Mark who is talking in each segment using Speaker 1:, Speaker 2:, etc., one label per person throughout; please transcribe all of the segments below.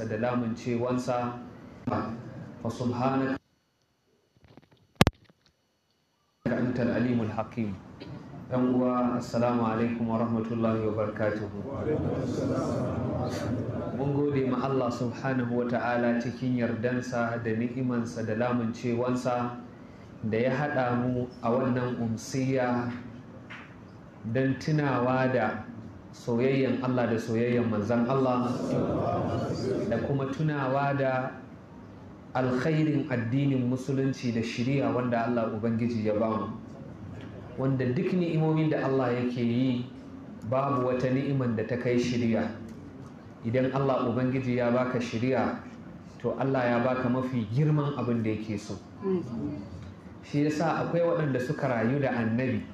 Speaker 1: kansa da lamuncewansa fa subhanaka antal alimul hakim yan uwa assalamu alaikum wa rahmatullahi wa barakatuhu mun gode ma Allah subhanahu wa ta'ala cikin yardansa da ni'imansa da lamuncewansa da ya haɗa mu a wannan umsiya don tunawa da soyayyen Allah da soyayyen manzan Allah da kuma tunawa da alkhairin addinin musulunci da shiriya wanda Allah Ubangiji ya ba mu wanda duk ni'imomin da Allah yake yi babu wata ni'iman da ta kai shiriya idan Allah Ubangiji ya baka shiriya to Allah ya baka mafi girman abin da yake so mm. shi yasa akwai waɗanda suka rayu da annabi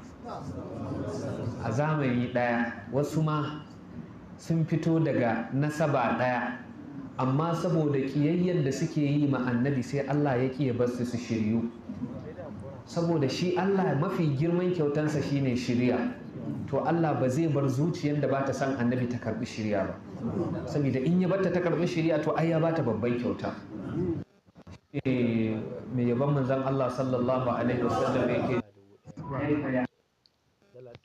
Speaker 1: a zamani ɗaya wasu ma sun fito daga nasaba ɗaya amma saboda ƙiyayyar da suke yi ma annabi sai Allah ya ƙiya basu su shiryu saboda shi Allah mafi girman kyautansa shine shirya to Allah ba zai bar zuciyar da bata san annabi ta karbi shirya ba saboda in ya bata ta karbi shirya to ai ya bata babban kyauta mai yaban manzon Allah sallallahu alaihi wasallam
Speaker 2: yake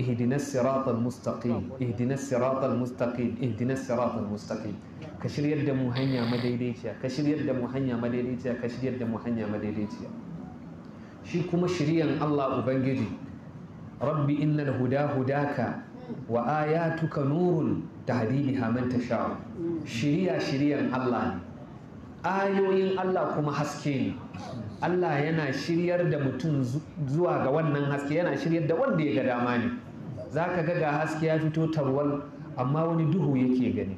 Speaker 1: اهدنا الصراط المستقيم اهدنا الصراط المستقيم اهدنا الصراط المستقيم ka يد da mu madaidaiciya ka shiryar da mu madaidaiciya shi kuma shiryan Allah ubangiji rabbi innal huda ka. wa tuka nurun tahdi الله man tasha Shirya shiryan Allah ne ayoyin Allah kuma haske ne Allah yana shiryar da mutum zuwa ga wannan haske yana shiryar da wanda ya ga dama ne za ka ga ga haske ya fito tarwal amma wani duhu yake gani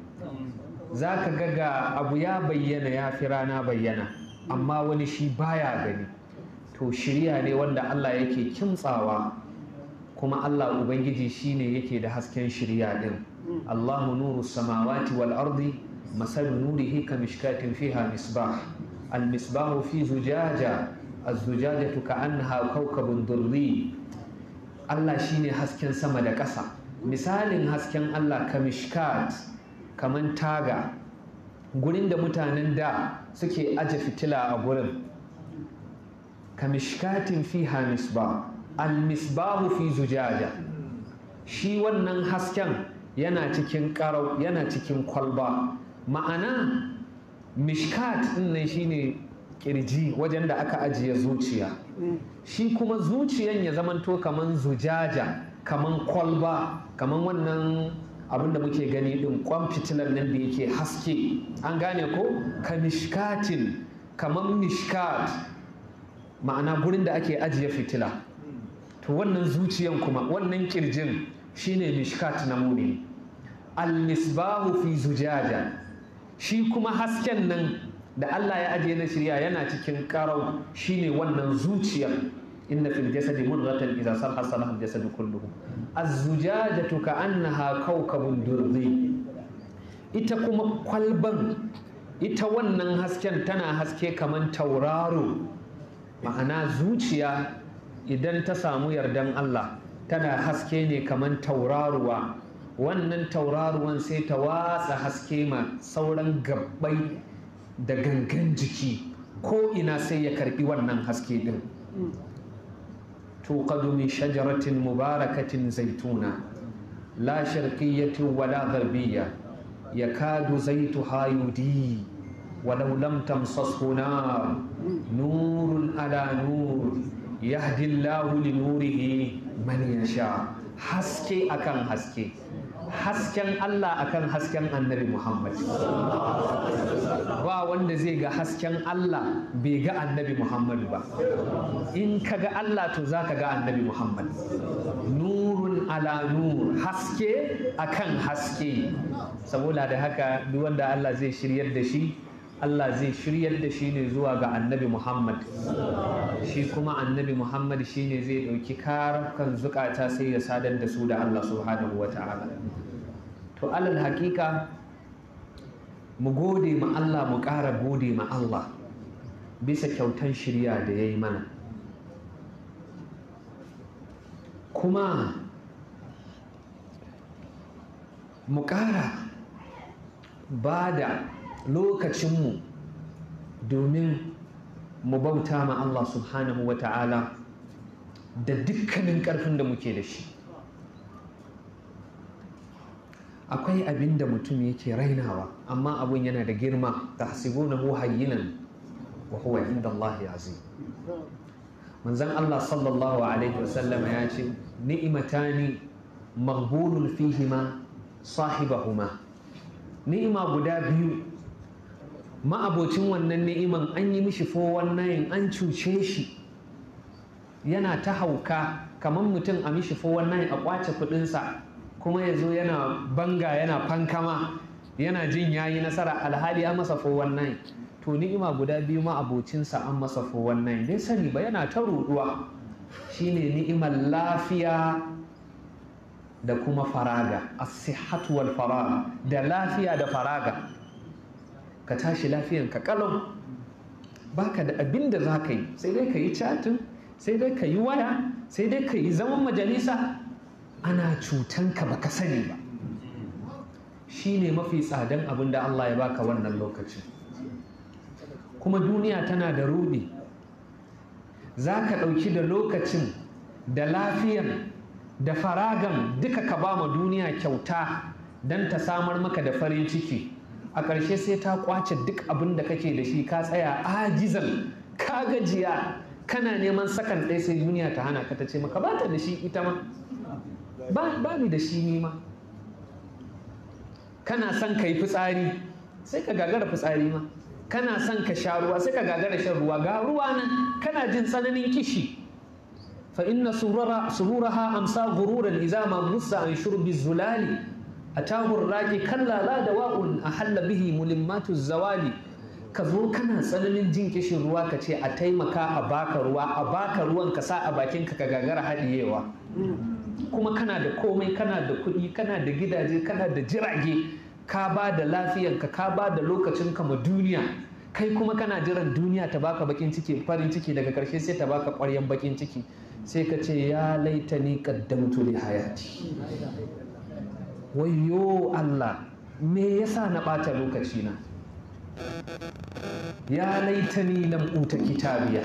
Speaker 1: za ka ga ga abu ya bayyana ya fi rana bayyana amma wani shi baya gani to shirya ne wanda Allah yake kimtsawa kuma Allah Ubangiji shi ne yake da hasken shirya din Allahu nuru samawati wal ardi masalu nurihi ka mishkatin fiha misbah al misbahu fi zujaja الزجاجة كأنها كوكب durri Allah shine hasken sama da ƙasa misalin hasken Allah ka mishkat kaman taga gurin da mutanen da suke aje fitila a gurin ka mishkatin fiha misba al fi zujaja shi wannan hasken yana cikin ƙarau yana cikin kwalba ma'ana mishkat ɗin nan shine kirji wajen da aka ajiye zuciya shi kuma zuciyan ya zamanto kaman zujaja kaman kwalba kaman wannan abin da muke gani din kwan fitilar nan da yake haske an gane ko ka mishkatin kaman mishkat ma'ana gurin da ake ajiye fitila to wannan zuciyan kuma wannan kirjin shine mishkat na muni al misbahu fi zujaja shi kuma hasken nan da Allah ya ajiye na shirya yana cikin karau shine wannan zuciyar inna fil jasadi mudghatan idza sarha salaha al jasadu kulluhu az-zujajatu ka'annaha kawkabun durdi ita kuma kwalban ita wannan hasken tana haske kaman tauraro ma'ana zuciya idan ta samu yardan Allah tana haske ne kaman tauraruwa wannan tauraruwan sai ta watsa haske ma sauran gabbai da gangan jiki ko ina sai ya karbi wannan haske din tuqadu min shajaratin mubarakatin zaituna la sharqiyyatin wala gharbiyya yakadu zaituha yudi ولو لم تمصصه نار نور على yahdin lahuli الله لنوره من يشاء حسكي أكن hasken Allah akan hasken annabi Muhammad ba wanda zai ga hasken Allah bai ga annabi Muhammad ba in ka ga Allah to za ka ga annabi Muhammad nurun ala nur haske akan haske saboda da haka duk wanda Allah zai shiryar da shi Allah zai shiryar da shi ne zuwa ga annabi Muhammad shi kuma annabi Muhammad shi ne zai ɗauki kan zukata sai ya sadar da su da Allah subhanahu wa ta'ala to alal hakika mu gode ma Allah mu ƙara gode ma Allah bisa kyautan shirya da ya yi mana kuma mu ƙara ba da lokacinmu domin mu bauta ma Allah subhanahu wa ta'ala da dukkanin ƙarfin da muke da shi akwai abin da mutum yake rainawa amma abin yana da girma ta hasibu na hayyinan wa huwa inda Allah ya zai manzan Allah sallallahu alaihi wasallama ya ce ni'imatani maghbulun fihima sahibahuma ni'ima guda biyu ma'abocin wannan ni'iman an yi mishi wannan an cuce shi yana ta hauka kamar mutum a mishi wannan a kwace kudinsa kuma ya zo yana banga yana fankama yana jin ya yi nasara alhali a masa wannan to ni'ima guda biyu ma'abocinsa an masa wannan bai sani ba yana ta ruduwa shine ni'imar lafiya da kuma faraga as-sihhatu faraga da lafiya da faraga ka tashi lafiyan ka kalau baka da abin da za ka yi sai dai ka yi chatin sai dai ka yi waya sai dai ka yi zaman majalisa ana cutan ka ba ka sani ba shi ne mafi tsadan abin da Allah ya baka wannan lokacin kuma duniya tana da rudi za ka ɗauki da lokacin da lafiyan da faragan duka ka ba ma duniya kyauta don ta samar maka da farin ciki a ƙarshe sai ta kwace duk abin da kake da shi ka tsaya ajizal ka gajiya kana neman sakan ɗaya sai duniya ta hana ka ta ce maka ba ta da shi ita ma ba ni da shi ni ma kana son ka yi fitsari sai ka gagara fitsari ma kana son ka sha ruwa sai ka gagara shan ruwa ga ruwa nan kana jin tsananin kishi fa inna sururaha amsa gururan idza ma musa an shurbi zulali atahu raki kalla la a ahalla bihi mulimmatu zawali ka zo kana tsananin jin kishin ruwa ka ce a taimaka a baka ruwa a baka ruwan ka sa a bakin ka gagara haɗiyewa kuma kana da komai kana da kuɗi kana da gidaje kana da jirage ka ba da lafiyanka ka ba da lokacinka ma duniya kai kuma kana jiran duniya ta baka bakin ciki farin ciki daga karshe sai ta baka ƙwaryan bakin ciki sai ka ce ya laita ni kaddamtu li hayati wayo Allah me yasa na ɓata lokacina ya laitani lam uta kitabiya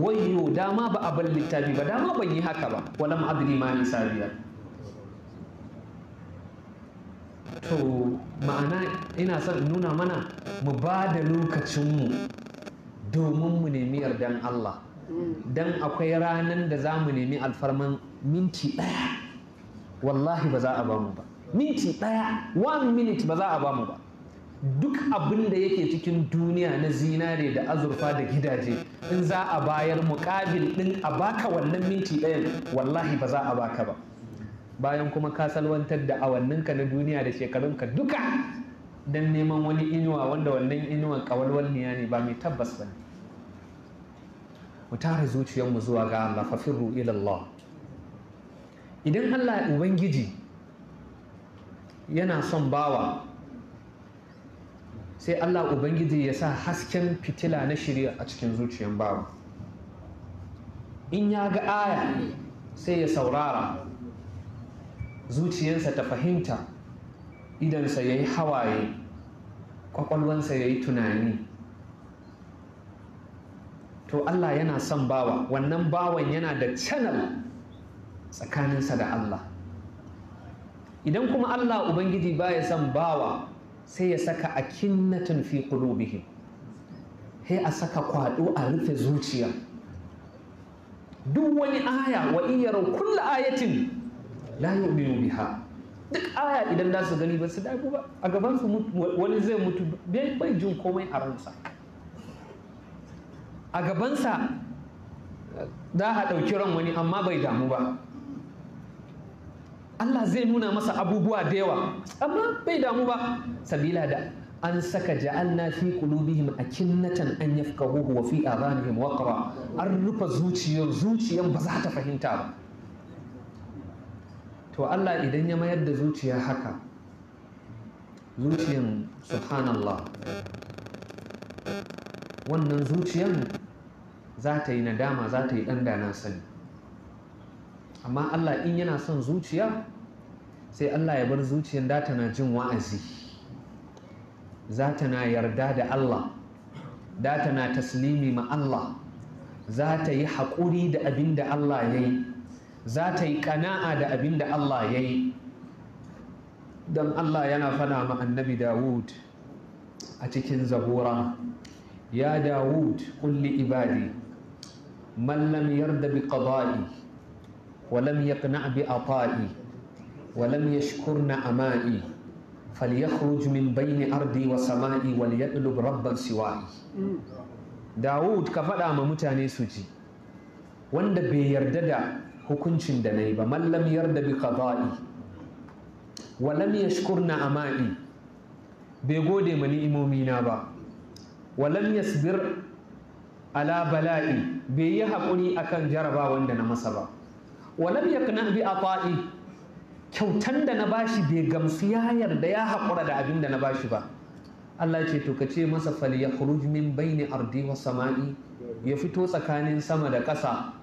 Speaker 1: wayo dama ba a bar littafi ba dama ban yi haka ba walam adri ma ni sabiya to ma'ana ina son nuna mana mu ba da lokacinmu domin mu nemi yardan Allah dan akwai ranan da za mu nemi alfarman minti ɗaya wallahi ba za a ba mu ba minti ɗaya one minute ba za a ba ba duk abin da yake cikin duniya na zinare da azurfa da gidaje in za a bayar muƙabil ɗin a baka wannan minti ɗayan wallahi ba za a baka ba bayan kuma ka salwantar da awanninka na duniya da shekarunka duka don neman wani inuwa wanda wannan inuwan niya ne ba mai tabbas ba ne mu tara zuciyarmu zuwa ga Allah fafin ru'ilallah idan Allah ubangiji yana son bawa sai Allah Ubangiji ya sa hasken fitila na shirya a cikin zuciyar bawa in ya ga aya sai ya saurara zuciyarsa ta fahimta idansa ya yi hawaye kwakwalwansa ya yi tunani to Allah yana son bawa wannan bawan yana da canal tsakaninsa da Allah idan kuma Allah ubangiji baya son bawa sai ya saka a kinnatin fi qulubihim sai a saka kwado a rufe zuciya duk wani aya wa in yaraw ayatin la yu'minu biha duk aya idan za su gani ba su dagu ba a gaban su wani zai mutu bai jin komai a ransa a gabansa za a ɗauki ran wani amma bai damu ba Allah zai nuna masa abubuwa da yawa amma bai damu ba sabila da an saka ja'alna fi qulubihim akinnatan an yafqahuhu wa fi adhanihim waqra an rufe zuciyar zuciyar ba za ta fahimta ba to Allah idan ya mayar da zuciya haka zuciyar subhanallah wannan zuciyar za ta yi nadama za ta yi ɗan dana sani amma Allah in yana son zuciya sai Allah ya bar zuciyar da tana jin wa'azi za ta na yarda da Allah da ta na taslimi ma Allah za ta yi haƙuri da abin da Allah ya yi za ta yi ƙana'a da abin da Allah ya yi don Allah yana faɗa ma annabi Dawud a cikin zabura ya Dawud kulli ibadi mallam lam yarda bi qada'i ولم يقنع بعطائي ولم يشكر نعمائي فليخرج من بين أرضي وسمائي وليطلب ربا سواي داود كفدا ما متاني سوجي wanda bai yarda da hukuncin da na yi ba mallam yarda bi qada'i wa lam yashkur na'ama'i bai gode ma ni'imomi na ba wa yasbir ala bala'i bai yi haƙuri akan jarabawan da na masa ba walam yakna bi ata'i kyautan da na bashi bai gamsu ya yarda ya haƙura da abin da na bashi ba Allah ce to ka ce masa fal yakhruj min baini ardi wa sama'i ya fito tsakanin sama da ƙasa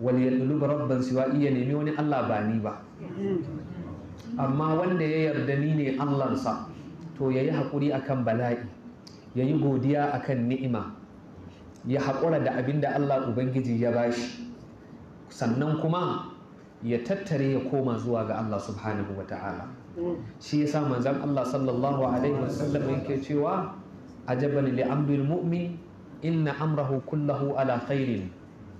Speaker 1: wal yadlub rabban siwa'i ya nemi wani Allah ba ni ba amma wanda ya yarda ni ne Allahnsa to yayi haƙuri akan bala'i yayi godiya akan ni'ima ya haƙura da abin da Allah Ubangiji ya bashi sannan kuma ya tattare ya koma zuwa ga Allah subhanahu wa ta'ala mm. shi yasa manzon Allah sallallahu alaihi wasallam yake cewa ajaban li amril mu'min inna amrahu kullahu ala khairin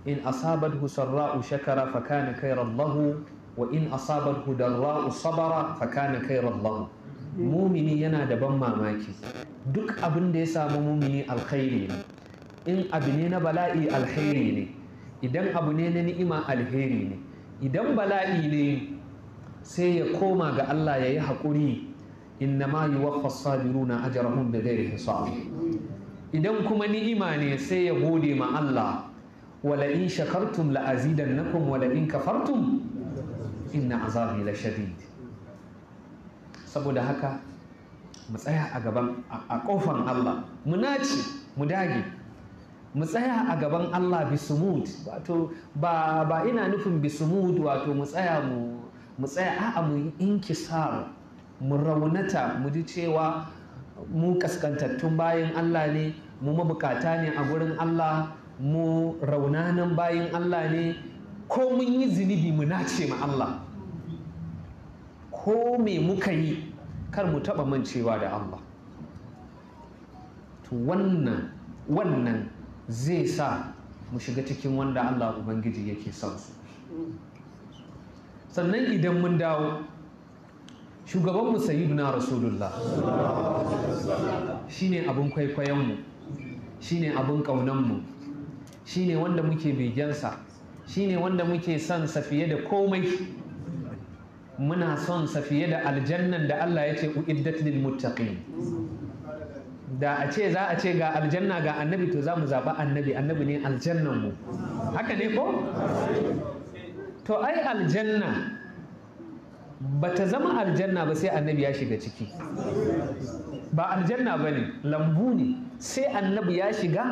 Speaker 1: in asabathu sarra'u shakara fa kana khairan lahu wa in asabathu darra'u sabara fa kana khairan lahu mm. mumini yana da ban mamaki duk abin da ya samu mumini alkhairi ne in abu ne na bala'i alheri ne idan abu ne na ni'ima alheri ne idan bala'i ne sai ya koma ga Allah ya yi haƙuri inna innama yuwaffa da zai bighairi hisab idan kuma ni'ima ne sai ya gode ma Allah wala in shakartum la azidannakum wala in kafartum inna azabi la shadid saboda haka mu tsaya a gaban a kofan Allah mu nace mu dage mu tsaya a gaban Allah bisumud wato ba ba ina nufin bisumud wato mu tsaya mu mu tsaya a'a mu inkisar mu raunata mu ji cewa mu kaskantattun bayan Allah ne mu mabukata ne a gurin Allah mu raunanan bayan Allah ne ko mun yi zunubi mu nace ma Allah ko me muka yi kar mu taɓa mancewa da Allah to wannan wannan zai sa mu shiga cikin wanda Allah Ubangiji yake son su sannan idan mun dawo shugaban mu sayi na rasulullah ne abin kwaikwayonmu Shi ne abin ƙaunanmu Shi ne wanda muke begensa ne wanda muke son sa fiye da komai muna son sa fiye da aljannan da Allah ya ce uiddat lil muttaqin da a ce za a ce ga aljanna ga annabi to za mu zaɓa annabi annabi ne aljannan mu haka ne ko to ai aljanna ba ta zama aljanna ba sai annabi ya shiga ciki ba aljanna ba ne lambu ne sai annabi ya shiga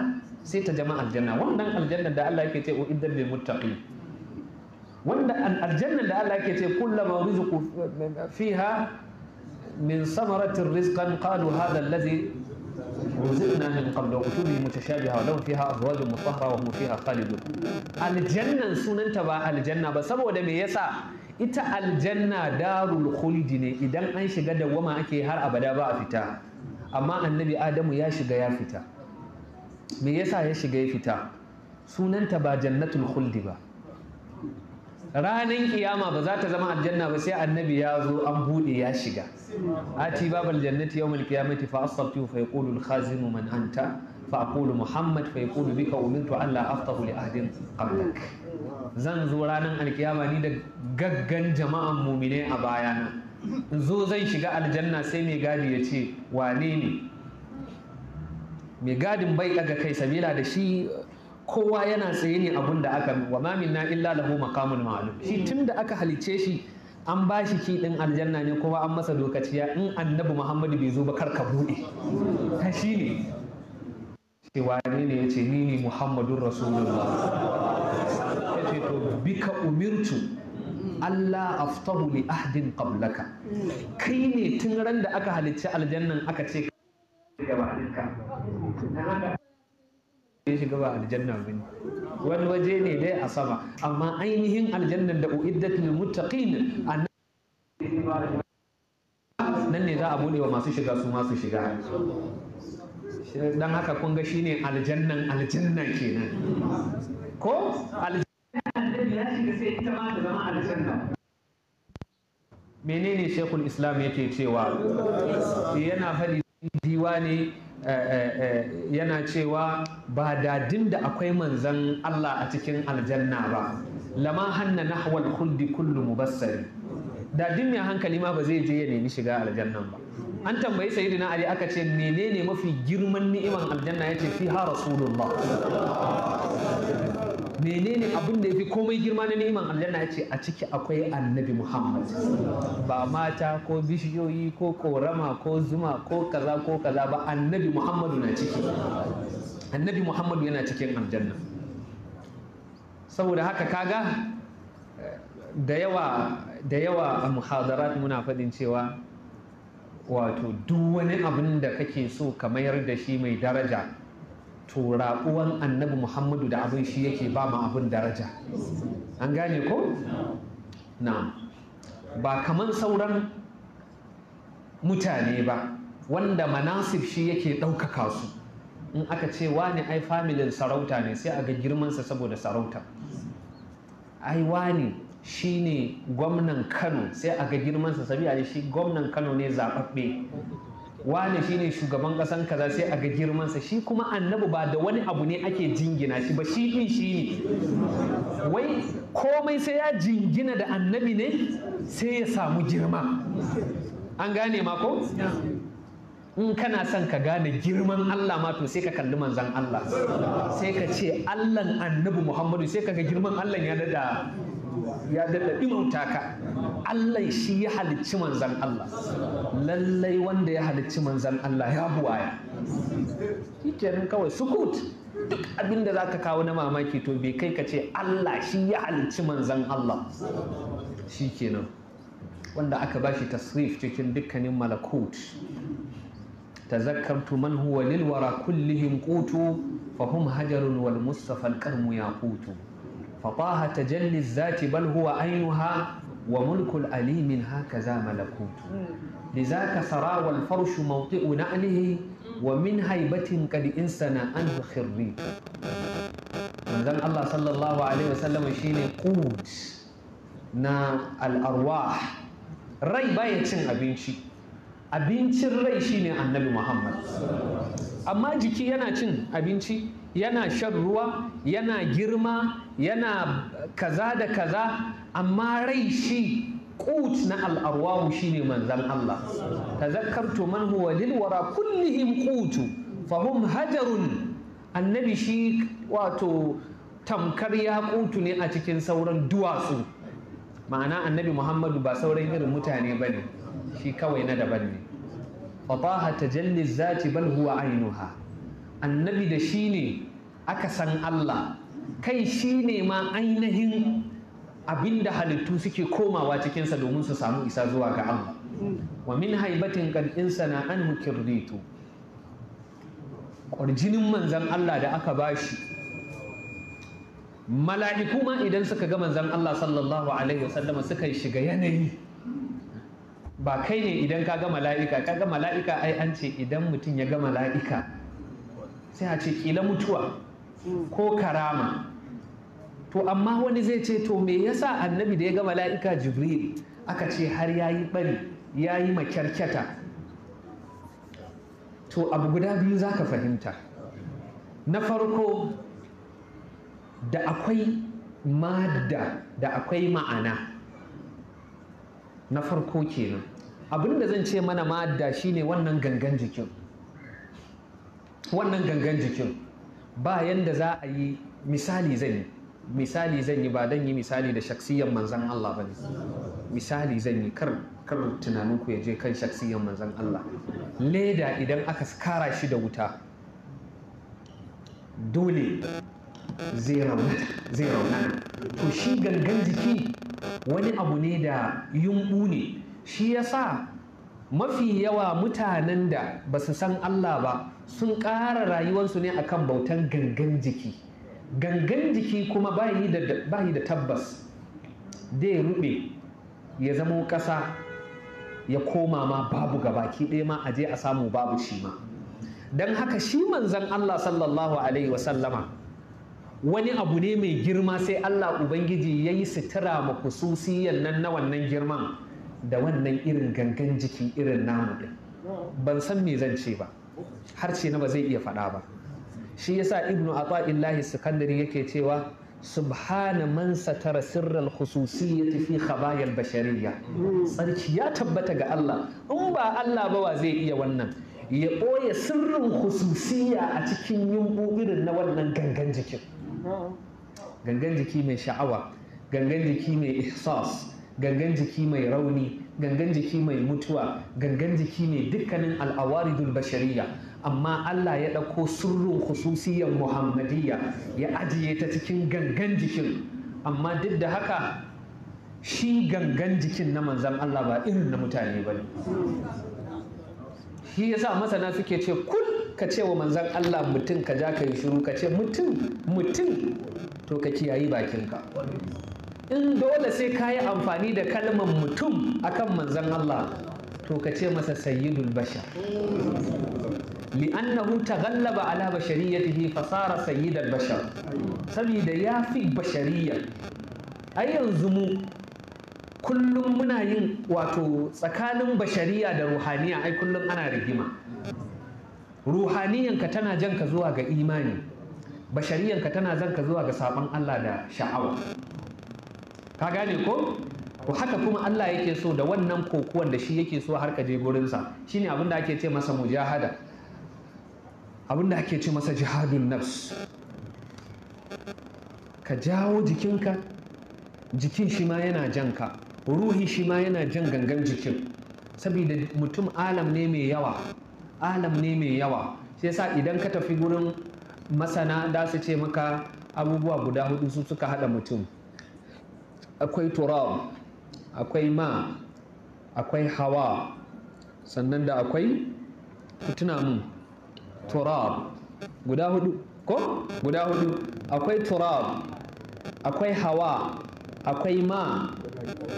Speaker 1: sai ta zama aljanna wannan aljanna da Allah yake ce o idan bai muttaqin wanda aljanna da Allah yake ce kullama rizqu fiha min samaratir rizqan qalu hadha allazi وزلنا من قبل وجوه متشابهه ولهم فيها ازواج مطهره وهم فيها خالدون aljannan sunanta ba aljanna ba saboda me yasa ita aljanna darul khuldi ne idan an shiga da wama ake har abada ba a fita amma annabi adamu ya shiga ya fita me yasa ya shiga ya fita sunanta ba jannatul khuldi ba ranin kiyama ba za ta zama aljanna ba sai annabi ya zo an buɗe ya shiga ati babal jannati yawmal qiyamati fa asabtu fa yaqulu al khazinu man anta fa aqulu muhammad fa yaqulu bika to Allah aftahu li ahdin qablak zan zo ranar alkiyama ni da gaggan jama'an mumine a bayana in zo zan shiga aljanna sai mai gadi ya ce wane ne mai gadin bai daga kai sabila da shi kowa yana tsaye ne abun da aka wa ma minna illa lahu maqamun ma'lum shi tunda aka halice shi an ba shi ki din aljanna ne kuma an masa dokaciya in annabi Muhammadu bai zo ba kar ka bude ta shi ne wane ne ya yace ni ne Muhammadun Rasulullah ce to bika umirtu Allah aftahu li ahdin qablaka kai ne tun ran da aka halicci aljannan aka ce ga
Speaker 2: ba
Speaker 1: ya shiga ba aljanna bane wani waje ne dai a sama amma ainihin aljannan da uiddat lil muttaqin nan ne za a bude wa masu shiga su masu shiga dan haka kun ga shine aljannan aljanna kenan ko ya shiga sai ita ma da zama aljanna menene shekul islam yake cewa yana fadi diwani Eh, eh, eh, yana cewa ba dadin da akwai manzan Allah a cikin aljanna ba lama hanna nahwal khuldi kullu mubassari dadin mai hankali ma ba zai je ya nemi shiga aljannan ba an tambayi sayyidina ali aka ce menene mafi girman ni'iman aljanna yace fiha rasulullah menene abin da ya fi komai girma na neman aljanna ya ce a ciki akwai annabi muhammad ba mata ko bishiyoyi ko korama ko zuma ko kaza ko kaza ba annabi muhammadu na ciki annabi muhammadu yana cikin aljanna saboda haka kaga eh, da yawa da yawa a muhadarat muna faɗin cewa wato duk wani abin da kake so ka mayar da shi mai daraja to raƙuwan annabi muhammadu da abin shi yake ba ma abin daraja an gane ko? na ba kaman sauran mutane ba wanda manasif shi yake ɗaukaka su in aka ce wani ai familin sarauta ne sai a ga girmansa saboda sarauta ai wani shi ne gwamnan kano sai a ga girmansa sabi shi gwamnan kano ne zaɓaɓɓe wane shine shugaban ƙasan kaza sai a ga girmansa shi kuma annabi ba da wani abu ne ake jingina shi ba shi din shi ne wai komai sai ya jingina da annabi ne sai ya samu girma an gane ma ko in kana son ka gane girman Allah ma to sai ka kalli manzan Allah sai ka ce Allahn annabi Muhammadu sai ka ga girman Allah ya dada ya dalla mutaka. Allah shi ya halicci manzan Allah lallai wanda ya halicci manzan Allah ya buwaya shikenan kawai sukut duk abinda da ka kawo na mamaki to bai kai ka ce Allah shi ya halicci manzan Allah Shi kenan wanda aka bashi tasrif cikin dukkanin malakut تذكرت lilwara kullihin للورى fahim قوت فهم هجر والمصطفى ya ياقوت fataha tajalli zati bal huwa ainuha wa mulkul alimin hakaza malakutu لذاك سرى والفرش موطئ wa ومن هيبة قد انسنا عنه خريت manzon Allah sallallahu alaihi wasallam shine qut na al'arwa. rai baya cin abinci abincin rai shine annabi Muhammad amma jiki yana cin abinci yana shan ruwa yana girma yana kaza da kaza amma rai shi kut na al'arwahu shine manzan Allah Ta zakar man huwa lilwara kullihim kutu fahum hajarun annabi shi wato tamkar ya kutu ne a cikin sauran duwatsu ma'ana annabi Muhammadu ba sauran irin mutane ba ne. shi kawai na daban ne fataha jallis zati bal huwa ainuha annabi da shi ne aka san Allah kai shi ne ma ainihin abinda halittu suke komawa cikinsa domin su samu isa zuwa ga Allah hmm. wa min haibatin qad insana an mukirritu ƙwarjinin manzan Allah da aka bashi mala'iku ma idan suka ga manzan Allah sallallahu alaihi wasallama suka shiga yanayi ba kai ne idan ka ga mala'ika ka ga mala'ika ai an ce idan mutum ya ga mala'ika sai a ce kila mutuwa ko karama to amma wani zai ce to me yasa annabi da ya ga mala'ika jibril aka ce har ya yi bari ya yayi makyarkyata to abu guda biyu za ka fahimta na farko da akwai madda da akwai ma'ana na farko kenan abin da zan ce mana madda shine wannan gangan jikin wannan gangan jikin ba yanda za a yi misali zan yi misali zan yi ba dan yi misali da shaksiyan manzan Allah ba ne misali zan yi kar kar tunanin ku ya je kan shaksiyan manzan Allah leda idan aka kara shi da wuta dole zai rauna to shi gangan jiki wani abu ne da yumbu ne shi yasa mafi yawa mutanen da ba su san Allah ba sun ƙara rayuwarsu ne akan bautan gangan jiki gangan jiki kuma bayi da tabbas ya ruɓe, ya zamo ƙasa ya koma ma babu gabaki ɗaya ma aje a samu babu shi ma don haka shi manzan Allah sallallahu alaihi wasallama wani abu ne mai girma sai Allah Ubangiji ya yi sitira ma kususiyan nan na wannan girman da wannan irin gangan jiki irin namu ɗin ban san me zan ce ba harshe na ba zai iya faɗa ba shi yasa ibnu illahi sakandari yake cewa subhana man satara sirral khususiyyati fi khabayal bashariyya sarki ya tabbata ga Allah in ba Allah ba wa zai iya wannan ya ɓoye sirrin khususiyya a cikin yumbu irin na wannan gangan jikin gangan jiki mai sha'awa gangan jiki mai ihsas gangan jiki mai rauni gangan jiki mai mutuwa gangan jiki mai dukkanin al'awaridul bashariya amma Allah ya ɗauko sirrin khususiyar muhammadiyya ya ajiye ta cikin gangan jikin amma duk da haka shi gangan jikin na manzan Allah ba irin na mutane ba ne shi yasa masana suke ce kun ka ce wa manzan Allah mutum ka ja ka yi shiru ka ce mutum mutum to ka kiyayi bakinka in dole sai ka yi amfani da kalmar mutum akan manzan Allah to ka ce masa sayyidul bashar li'annahu taghallaba ala bashariyatihi sara sayyidal bashar saboda ya fi bashariya ai yanzu mu kullum muna yin wato tsakanin bashariya da ruhaniya ai kullum ana rigima ruhaniyanka tana janka zuwa ga imani bashariyanka tana jan zuwa ga sabon Allah da sha'awa ka gane ko to haka kuma Allah yake so da wannan kokuwan da shi yake so har ka je gurinsa shine abin da ake ce masa mujahada abin da ake ce masa jihadun nafs ka jawo jikinka jikin shi ma yana janka ruhi shi ma yana jan gangan jikin saboda mutum alam ne mai yawa alam ne mai yawa sai sa idan ka tafi gurin masana da su ce maka abubuwa guda hudu su suka hada mutum akwai turab akwai ma akwai hawa sannan da akwai tuna mun turab guda hudu ko guda hudu akwai turab akwai hawa akwai ma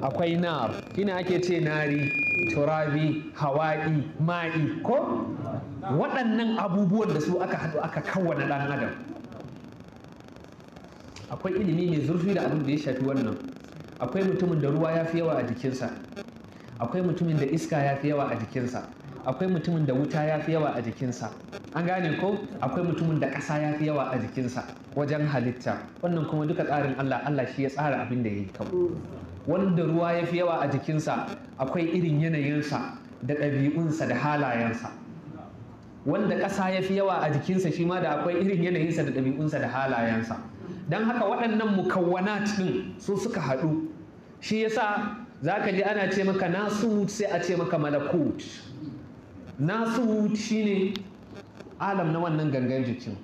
Speaker 1: akwai nar ina ake ce nari turabi hawa'i ma'i ko waɗannan abubuwan da su aka haɗu aka kawana ɗan adam akwai ilimi mai zurfi da abin da ya shafi wannan akwai mutumin da ruwa ya fi yawa a jikinsa akwai mutumin da iska ya fi yawa a jikinsa akwai mutumin da wuta ya fi yawa a jikinsa an gane ko akwai mutumin da ƙasa ya fi yawa a jikinsa wajen halitta wannan kuma duka tsarin Allah Allah shi ya tsara abin da ya yi kawai wanda ruwa ya fi yawa a jikinsa akwai irin yanayinsa da ɗabi'unsa da halayensa wanda ƙasa ya fi yawa a jikinsa shi ma da akwai irin yanayinsa da ɗabi'unsa da halayensa don haka waɗannan mukawwanat ɗin su suka haɗu shi yasa za ka ji ana ce maka nasut sai a ce maka malakut nasut shine alam na wannan gangan jikin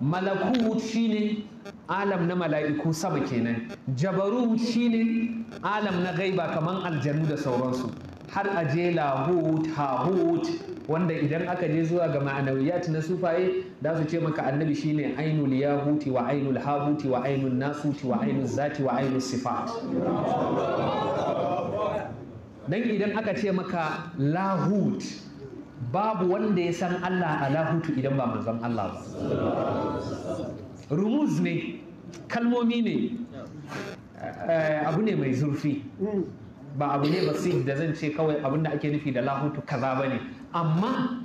Speaker 1: malakut shine alam na mala'iku sama kenan jabarut shine alam na gaiba kamar aljanu da sauransu har a je lahut hahut wanda idan aka je zuwa ga ma'anawiyat na sufaye za su ce maka annabi shine ainul yahuti wa ainul hahuti wa ainul nasuti wa ainul zati wa ainul sifat dan idan aka ce maka lahut babu wanda ya san Allah a lahutu idan ba manzon Allah ba rumuz ne kalmomi ne eh, abu ne mai zurfi hmm. ba abu ne basir da zan ce kawai abin da ake nufi da lahutu kaza ba ne amma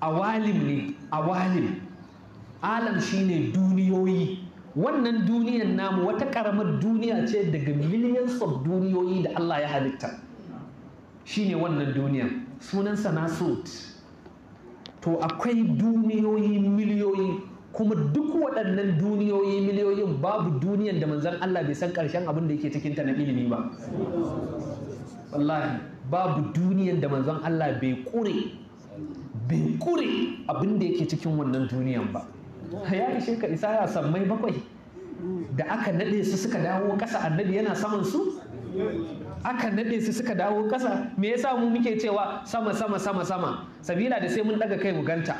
Speaker 1: awalim ne awalim alam shine duniyoyi wannan duniyan namu wata karamar duniya ce daga miliyan of duniyoyi da Allah ya halitta shine wannan duniyan sunansa nasut to akwai duniyoyi miliyoyi kuma duk waɗannan duniyoyi miliyoyin babu duniyan da manzan Allah bai san ƙarshen abin da yake cikin ta na ilimi ba wallahi babu duniyan da manzan Allah bai ƙure bai kure abin da yake cikin wannan duniyan ba ya ishe ka isa ya sammai bakwai da aka naɗe su suka dawo ƙasa annabi yana saman su aka nade su suka dawo ƙasa me yasa mu muke cewa sama sama sama sama sabila da sai mun daga kai mu ganta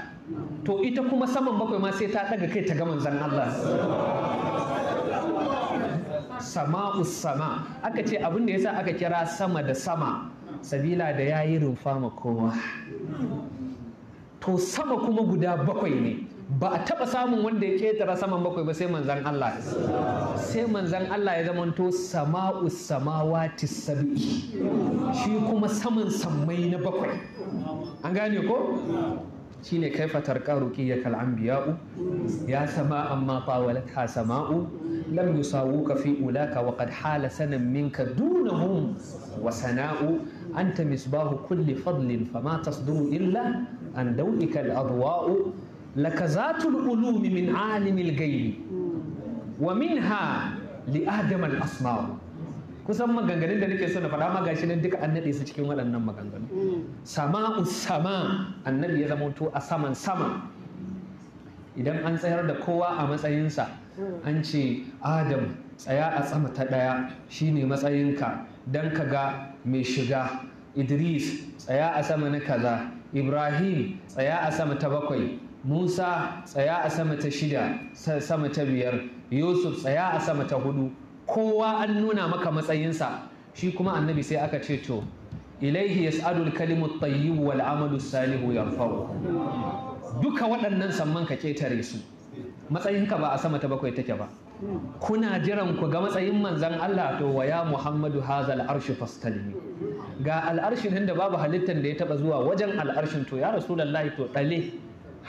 Speaker 1: to ita kuma saman bakwai ma sai ta daga kai ta ga zan Allah sama sama aka ce abin da yasa aka kira sama da sama sabila da yayi rufa ma kowa to sama kuma guda bakwai ne ba a taɓa samun wanda ya ketara saman bakwai ba sai manzan Allah sai manzan Allah ya zama zamanto sama'u samawati sab'i shi kuma saman sammai na bakwai an gane ko shine ne kai ya kal anbiyau ya sama amma ha sama'u lam yusawuka fi ulaka wa qad hala sanan minka dunahum wa sana'u anta misbahu kulli fadlin fama tasduru illa an dawika al-adwa'u lakazatul ulumi min alimil الغيب wa minha li adam asma'u kusan maganganun da nake so na faɗa ma shi nan duka an su cikin waɗannan maganganu sama'u sama annabi ya zama to a saman sama idan an tsayar da kowa a matsayinsa an ce adam tsaya a sama ta ɗaya shine matsayin ka don ka ga mai shiga idris tsaya a sama na kaza ibrahim tsaya a sama ta bakwai Musa tsaya a sama ta shida sama ta biyar Yusuf tsaya a sama ta hudu kowa an nuna maka matsayinsa shi kuma annabi sai aka ce to ilaihi yas'adul kalimut tayyib wal amalu salihu yarfa'u duka waɗannan samman ka ketare su matsayinka ba a sama ta bakwai take ba kuna jiran ku ga matsayin manzon Allah to wa ya Muhammadu hazal arshi fastalimi ga al'arshin da babu halittar da ya taba zuwa wajen al'arshin to ya rasulullahi to dale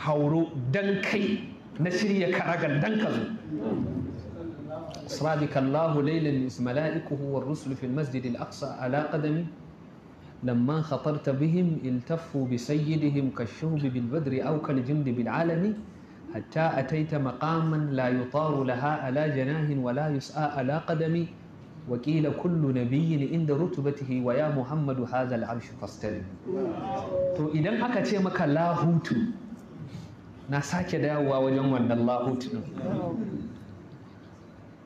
Speaker 1: هورو دنكي kai na دنكز karagal الله ليلا إذ ملائكه والرسل في المسجد الأقصى على قدمي لما خطرت بهم التفوا بسيدهم كالشهب بالبدر أو كالجند بالعالم حتى أتيت مقاما لا يطار لها على جناه ولا يسعى على قدمي وكيل كل نبي عند رتبته ويا محمد هذا العرش فاستلم تو إذا أكتمك لا هوتو na sake dawowa wajen wannan lahut ɗin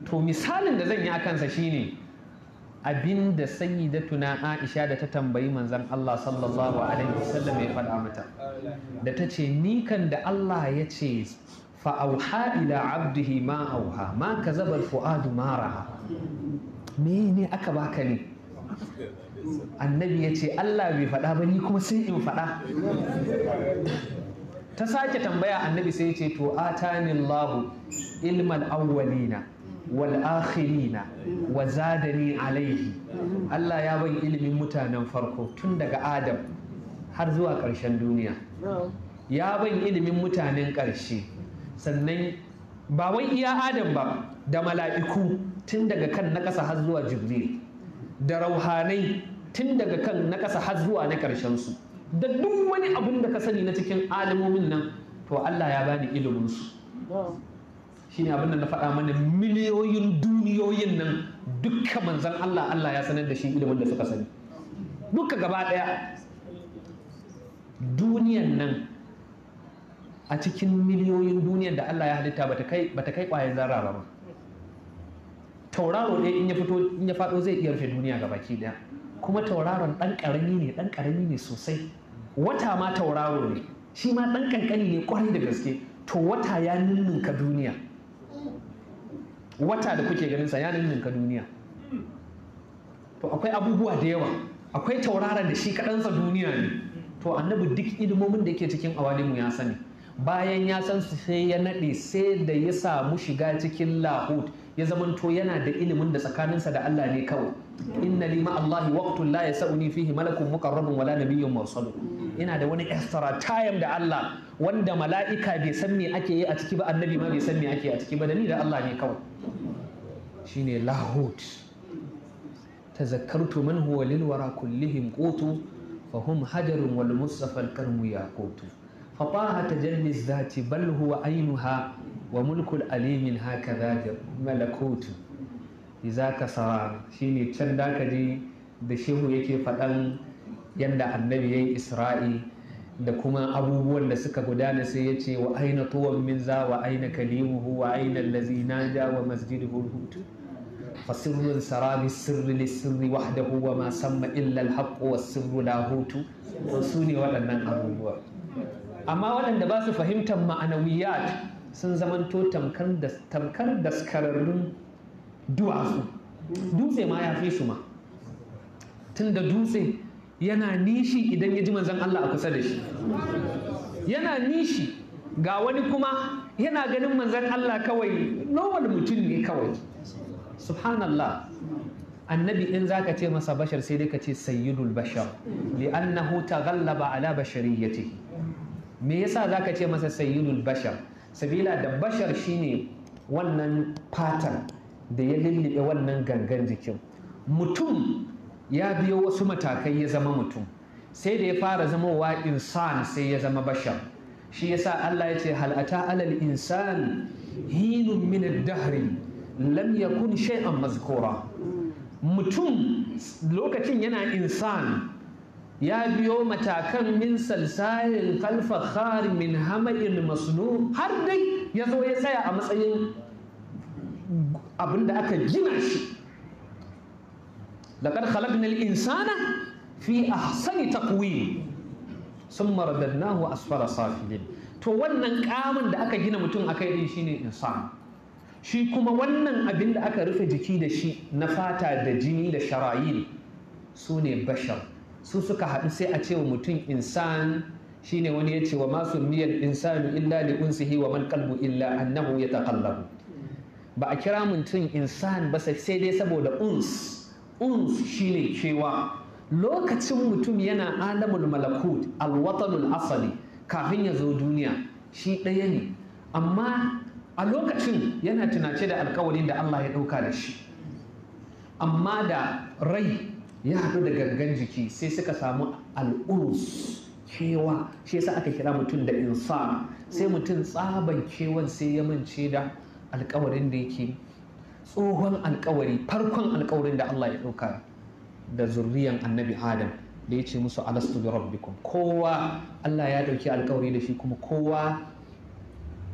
Speaker 1: to misalin da zan yi a kansa shine abin da tuna Aisha da ta tambayi manzon Allah sallallahu alaihi wasallam ya faɗa mata da ta ce ni kan da Allah ya ce fa haɗi ila abdihi ma auha ma zabar fuadu ma raha me ne aka baka ne annabi ya ce Allah bai faɗa ba ni kuma sai in faɗa ta sake tambaya annabi sai ce to atani Allah ilman awwalina wal akhirina wa zadani alaihi Allah ya ban ilimin mutanen farko tun daga Adam har zuwa ƙarshen duniya ya ban ilimin mutanen ƙarshe sannan ba wai iya Adam ba da mala'iku tun daga kan na ƙasa har zuwa Jibril da rauhanai tun daga kan na ƙasa har zuwa na ƙarshen su da duk wani abun da ka sani na cikin alimomin nan to Allah ya bani ilimin su shine abin da na faɗa mana miliyoyin duniyoyin nan dukkan manzan Allah Allah ya sanar da shi ilimin da suka sani duka gaba ɗaya duniyan nan a cikin miliyoyin duniyan da Allah ya halitta bata kai bata kai ƙwayar zarra ba tauraro ɗaya in ya fito in ya faɗo zai iya rufe duniya gabaki ɗaya kuma tauraron ɗan ƙarami ne ɗan ƙarami ne sosai wata ma tauraro ne shi ma ɗan ƙanƙani ne kwarai da gaske to wata ya ninninka duniya wata da kuke ganin sa ya ninninka duniya to akwai abubuwa da yawa akwai tauraron da shi kaɗansa duniya ne to annabi duk ilimomin da yake cikin mu ya sani bayan ya san su sai ya naɗe sai da ya samu shiga cikin lahut ya zamanto yana da ilimin da tsakaninsa da Allah ne kawai inna li ma Allah waqtun la yasauni fihi malakun muqarrabun wala nabiyyun mursalun yana da wani extra time da Allah wanda mala'ika bai san me ake yi a ciki ba annabi ma bai san me ake yi a ciki ba da ni da Allah ne kawai shine lahut tazakkartu man huwa lil wara kullihim qutu fahum hajarun wal mustafa al karmu yaqutu fa tajannis zati bal huwa ainuha wa mulkul alimin haka za ta malakotu
Speaker 2: za ka sawa shi ne can daka ji da shehu yake faɗan yadda annabiyan isra'i da kuma abubuwan da suka gudana sai ya
Speaker 1: ce wa aina tuwan min za wa aina kalimuhu wa aina lazina ja wa masjid hutu fasirrin sarabi sirri li sirri wahdahu wa ma samma illa alhaqqu wa hutu to su ne waɗannan abubuwa amma waɗanda ba su fahimtar ma'anawiyyat sun zamanto tamkar daskararrun duwatsu dutse ma ya fi su ma tun da dutse yana nishi idan ya ji manzan Allah a kusa da shi yana nishi ga wani kuma yana ganin manzan Allah kawai normal mutum ne kawai subhanallah annabi in ka ce masa bashar sai dai ka ce sayyidul bashar li'annahu taghallaba ala bashariyatihi me yasa za ka ce masa sayyidul bashar sabila da bashar shine wannan fatan da ya lullube wannan gangan jikin mutum ya biyo wasu matakai ya zama mutum sai da ya fara zama wa insan sai ya zama bashar shi yasa Allah ya ce hal'ata alal insan hinun min dahri lam yakun shay'an mazkura mutum lokacin yana insan يا بيو متاكن من سلسال خلف خار من هما المصنوع هر دي يزو يسايا امسايين ابن داك جمعش لقد خلقنا الانسان في احسن تقويم ثم رددناه اسفل صافلين تو wannan kaman da aka gina mutum akai din shine insan shi kuma wannan abin da aka rufe jiki da shi na fata su suka haɗu sai a ce wa mutum insan shine wani ya ce wa masu miyar insanu illa li unsihi wa man qalbu illa annahu taƙallahu ba a kira mutum insan ba sai dai saboda uns uns shine cewa lokacin mutum yana alamul malakut alwatanul asali kafin ya zo duniya shi ɗaya ne amma a lokacin yana tunace da alkawarin da Allah ya ɗauka da shi amma da rai ya haɗu da gangan jiki sai suka samu al'urus kewa shi yasa aka kira mutum da insa sai mutum tsaban kewan sai ya mance da alkawarin da yake tsohon alkawari farkon alkawarin da Allah ya ɗauka da zurriyan annabi adam da ya ce musu alastu bi rabbikum kowa Allah ya ɗauki alkawari da shi kuma kowa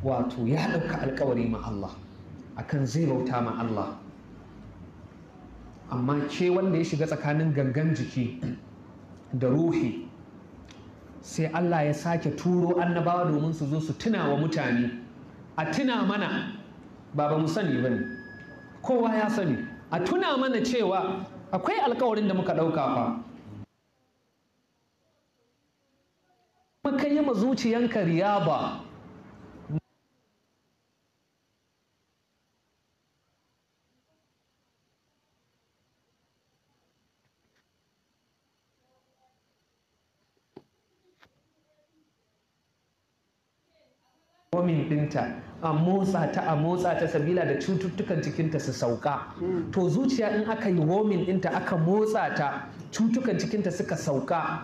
Speaker 1: wato ya ɗauka alkawari ma Allah akan zai bauta ma Allah amma ke wanda ya shiga tsakanin gangan jiki da ruhi sai Allah ya sake turo annabawa domin su zo su tuna wa mutane a tuna mana ba ba mu sani ba ne kowa ya sani a tuna mana cewa akwai alkawarin da muka ɗauka fa muka yi ma zuciyanka riya ba fomin ɗinta a motsa ta a motsa ta sabila da cututtukan cikinta su sauka hmm. to zuciya in aka yi womin ɗinta aka motsa ta cutukan cikinta suka sauka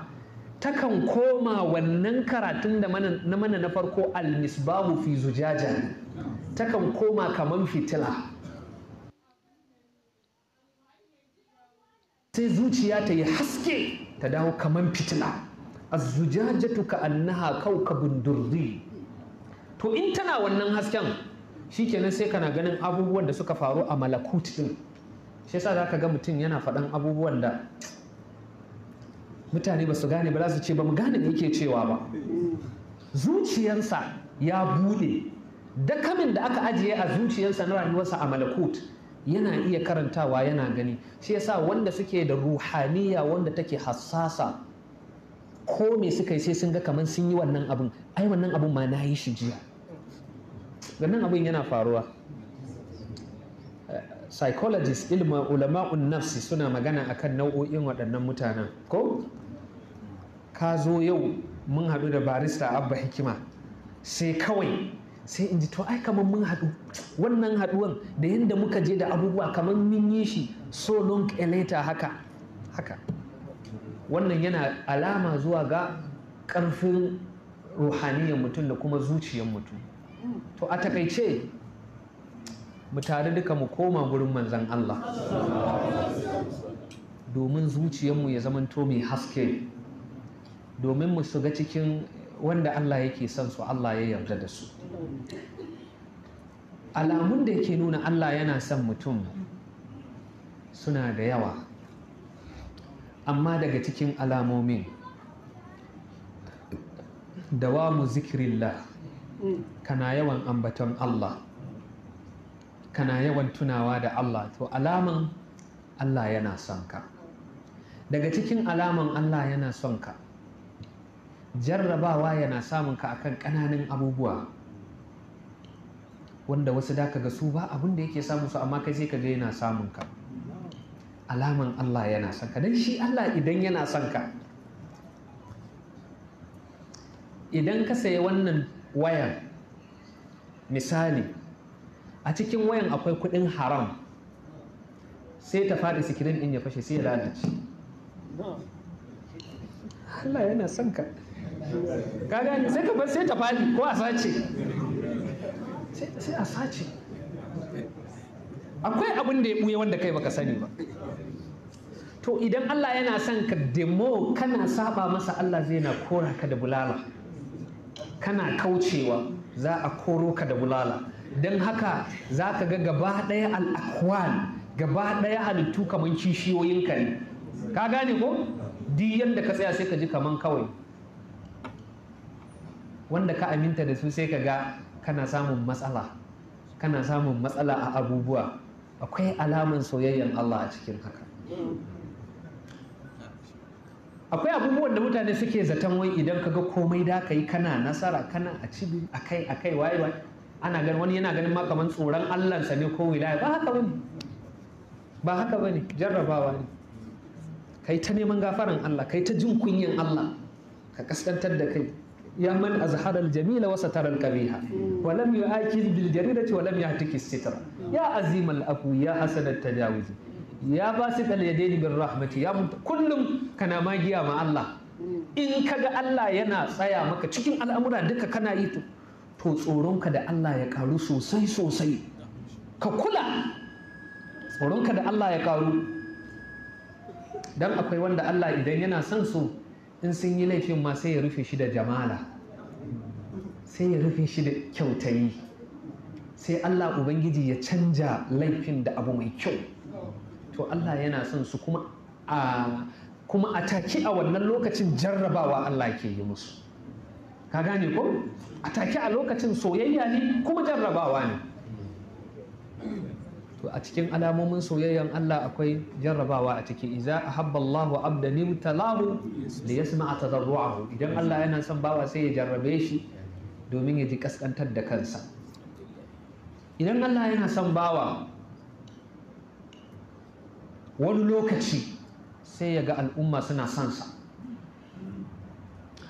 Speaker 1: takan koma wannan karatun da na mana na farko almisbahu fi zujaja takan koma kaman fitila sai zuciya ta yi haske ta dawo kaman fitila azzujajatu ka annaha ka durri to in tana wannan hasken shikenan sai kana ganin abubuwan da suka faru a malakut din shi yasa zaka ga mutum yana faɗan abubuwan da mutane ba su gane ba za su ce ba mu gane me yake cewa ba zuciyarsa ya bude dakamin da aka ajiye a zuciyarsa na rayuwarsa a malakut yana iya karantawa yana gani shi yasa wanda suke da ruhaniya wanda take hassasa ko me suka yi sai sun ga kamar sun yi wannan abun. ai wannan abun ma na yi shi jiya ganin abin yana faruwa psychologist ilma ulama'un nafsi suna magana akan nau'o'in waɗannan mutanen ko ka zo yau mun haɗu da barista abba hikima sai kawai sai in ji to ai kamar mun haɗu wannan haɗuwan da yadda muka je da abubuwa kamar mun yi shi so long eleta haka haka wannan yana alama zuwa ga ƙarfin ruhaniyan mutum da kuma zuciyar mutum to a takaice mu tare duka mu koma gurin manzan Allah domin zuciyarmu ya zamanto mai haske domin mu shiga cikin wanda Allah yake son su Allah ya yarda da su alamun da yake nuna Allah yana son mutum suna da yawa amma daga cikin alamomin dawamu zikirillah kana yawan ambaton Allah kana yawan tunawa da Allah to alaman Allah yana son ka daga cikin alaman Allah yana son ka jarrabawa yana samun ka akan kananan abubuwa wanda wasu da ga su ba abin da yake samu su amma kai sai ka ga yana samun ka alaman Allah yana son ka dan shi Allah idan yana son ka idan ka sayi wannan wayan misali a cikin wayan akwai kuɗin haram sai ta faɗi sikirin ɗin ya fashe sai ya lalace Allah yana son ka ka gani sai ka bar sai ta faɗi ko a sace sai a sace akwai abin da ya buye wanda kai baka sani ba to idan Allah yana son ka demo kana saba masa Allah zai na kora ka da bulala kana kaucewa za a koro ka da bulala don haka za ka ga gaba ɗaya al'akwal gaba ɗaya halittu kamar kishiyoyinka ne ka gane ko duk yadda ka tsaya sai ka ji kaman kawai wanda ka aminta da su sai ka ga kana samun matsala kana samun matsala a abubuwa akwai alaman soyayyen Allah a cikin haka akwai abubuwan da mutane suke zaton wai idan ka ga komai da ka yi kana nasara kana a cibi a kai, waye waye ana ganin wani yana ganin ma kaman tsoron Allahnsa ne ko wilaya ba haka bane ba haka bane jarrabawa ne kai ta neman gafaran Allah kai ta jin kunyan Allah ka kaskantar da kai ya man azhar al jamila wa satar al qabiha wa lam yu'akil bil jarirati wa lam yahtiki sitra ya azim al afu ya hasan al tajawuz ya ba su kalyadaini bin rahmati ya mutu kullum kana magiya ma Allah in ka ga Allah yana tsaya maka cikin al'amura duka kana yi to tsoronka da Allah ya karu sosai sosai ka kula tsoronka da Allah ya karu don akwai wanda Allah idan yana son su in sun yi laifin ma sai ya rufe shi da jamala sai ya rufe shi da kyautayi sai Allah Ubangiji ya canja laifin da abu mai kyau to Allah yana son su kuma a kuma a take a wannan lokacin jarrabawa Allah ke yi musu ka gane ko a take a lokacin soyayya ne kuma jarrabawa ne to a cikin alamomin soyayyan Allah akwai jarrabawa a ciki idza ahabba da abdan ibtalahu li yasma'a tadarruahu idan Allah yana son bawa sai ya jarrabe shi domin ya ji kaskantar da kansa idan Allah yana son bawa wani lokaci sai ya ga al'umma suna sansa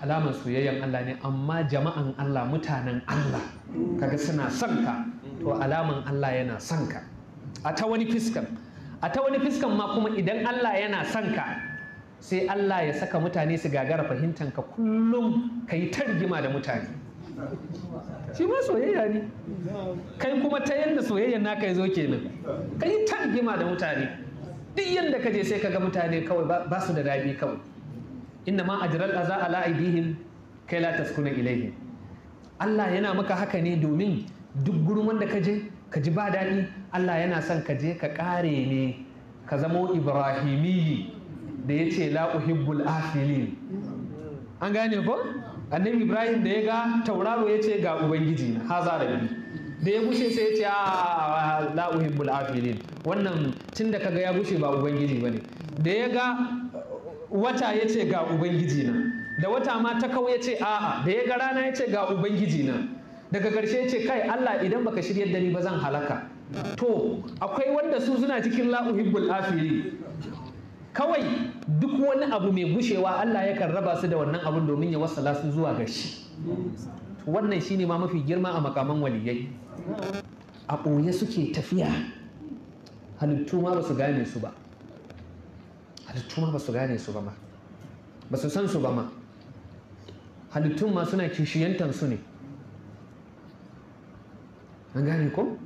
Speaker 1: alamar soyayyan Allah ne amma jama'an Allah mutanen Allah kaga suna son ka to alaman Allah yana son ka a ta wani fiskan a ta wani fiskan ma kuma idan Allah yana son ka sai Allah ya saka mutane su gagara fahimtan ka kullum ka yi targima da mutane shi ma soyayya ne kai kuma ta yadda soyayyan naka ya zo kenan ka yi targima da mutane duk yadda ka je sai ka ga mutane kawai ba su da daɗi kawai inna ma ajral aza ala aidihim kai la taskuna ilaihim Allah yana maka haka ne domin duk gurman da ka je ka ji ba daɗi Allah yana son ka je ka ƙare ne ka zamo ibrahimi da ya ce la uhibbul afilin an gane ko annabi ibrahim da ya ga tauraro ya ce ga ubangiji haza rabbi da ya gushe sai ya ce a ah, la uhibbul afilin wannan tun da kaga ya gushe ba ubangiji bane da ya ga wata ya ce ga ubangiji na da wata ma ta kawo ya ce a'a da ya ga rana ya ce ga ubangiji na daga ƙarshe ya ce kai Allah idan baka shirya da ni ba zan halaka to akwai wanda su suna cikin la uhibbul afilin kawai duk wani abu mai gushewa Allah yakan raba su da wannan abun domin ya wasala su zuwa ga shi wannan shine ma mafi girma a makaman waliyai a ɓoye suke tafiya halittu ma ba su gane su ba halittu ma ba su gane su ba ma ba su san su ba ma halittun ma suna kishiyantar su ne an gane ko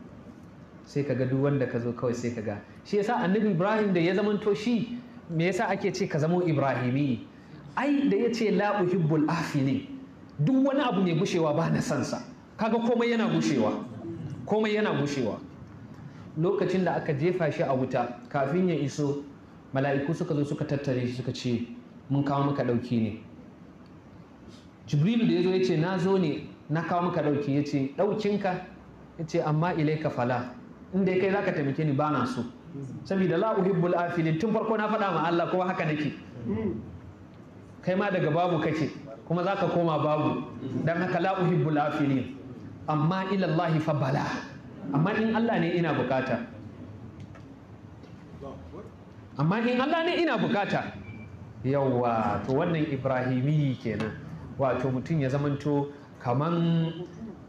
Speaker 1: sai ka ga duk wanda ka zo kawai sai ka ga shi yasa annabi ibrahim da ya zamanto shi me yasa ake ce ka zamo ibrahimi ai da ya ce la uhibbul ne duk wani abu mai gushewa ba na sansa kaga komai yana gushewa komai yana bushewa lokacin da aka jefa shi a wuta kafin ya iso mala'iku suka zo suka tattare shi suka ce mun kawo maka ɗauki ne jibrilu da ya zo ya ce na zo ne na kawo maka ɗauki ya ce daukinka ya ce amma ilaika fala inda ya kai za ka taimake ni ba na so saboda la uhibbul afilin tun farko na faɗa ma Allah kowa haka nake kai ma daga babu kake kuma za ka koma babu don haka la uhibbul afilin amma ilallahi fa bala amma in Allah ne ina bukata amma in Allah ne ina bukata yawwa to wannan ibrahimi kenan wato mutum ya zamanto kaman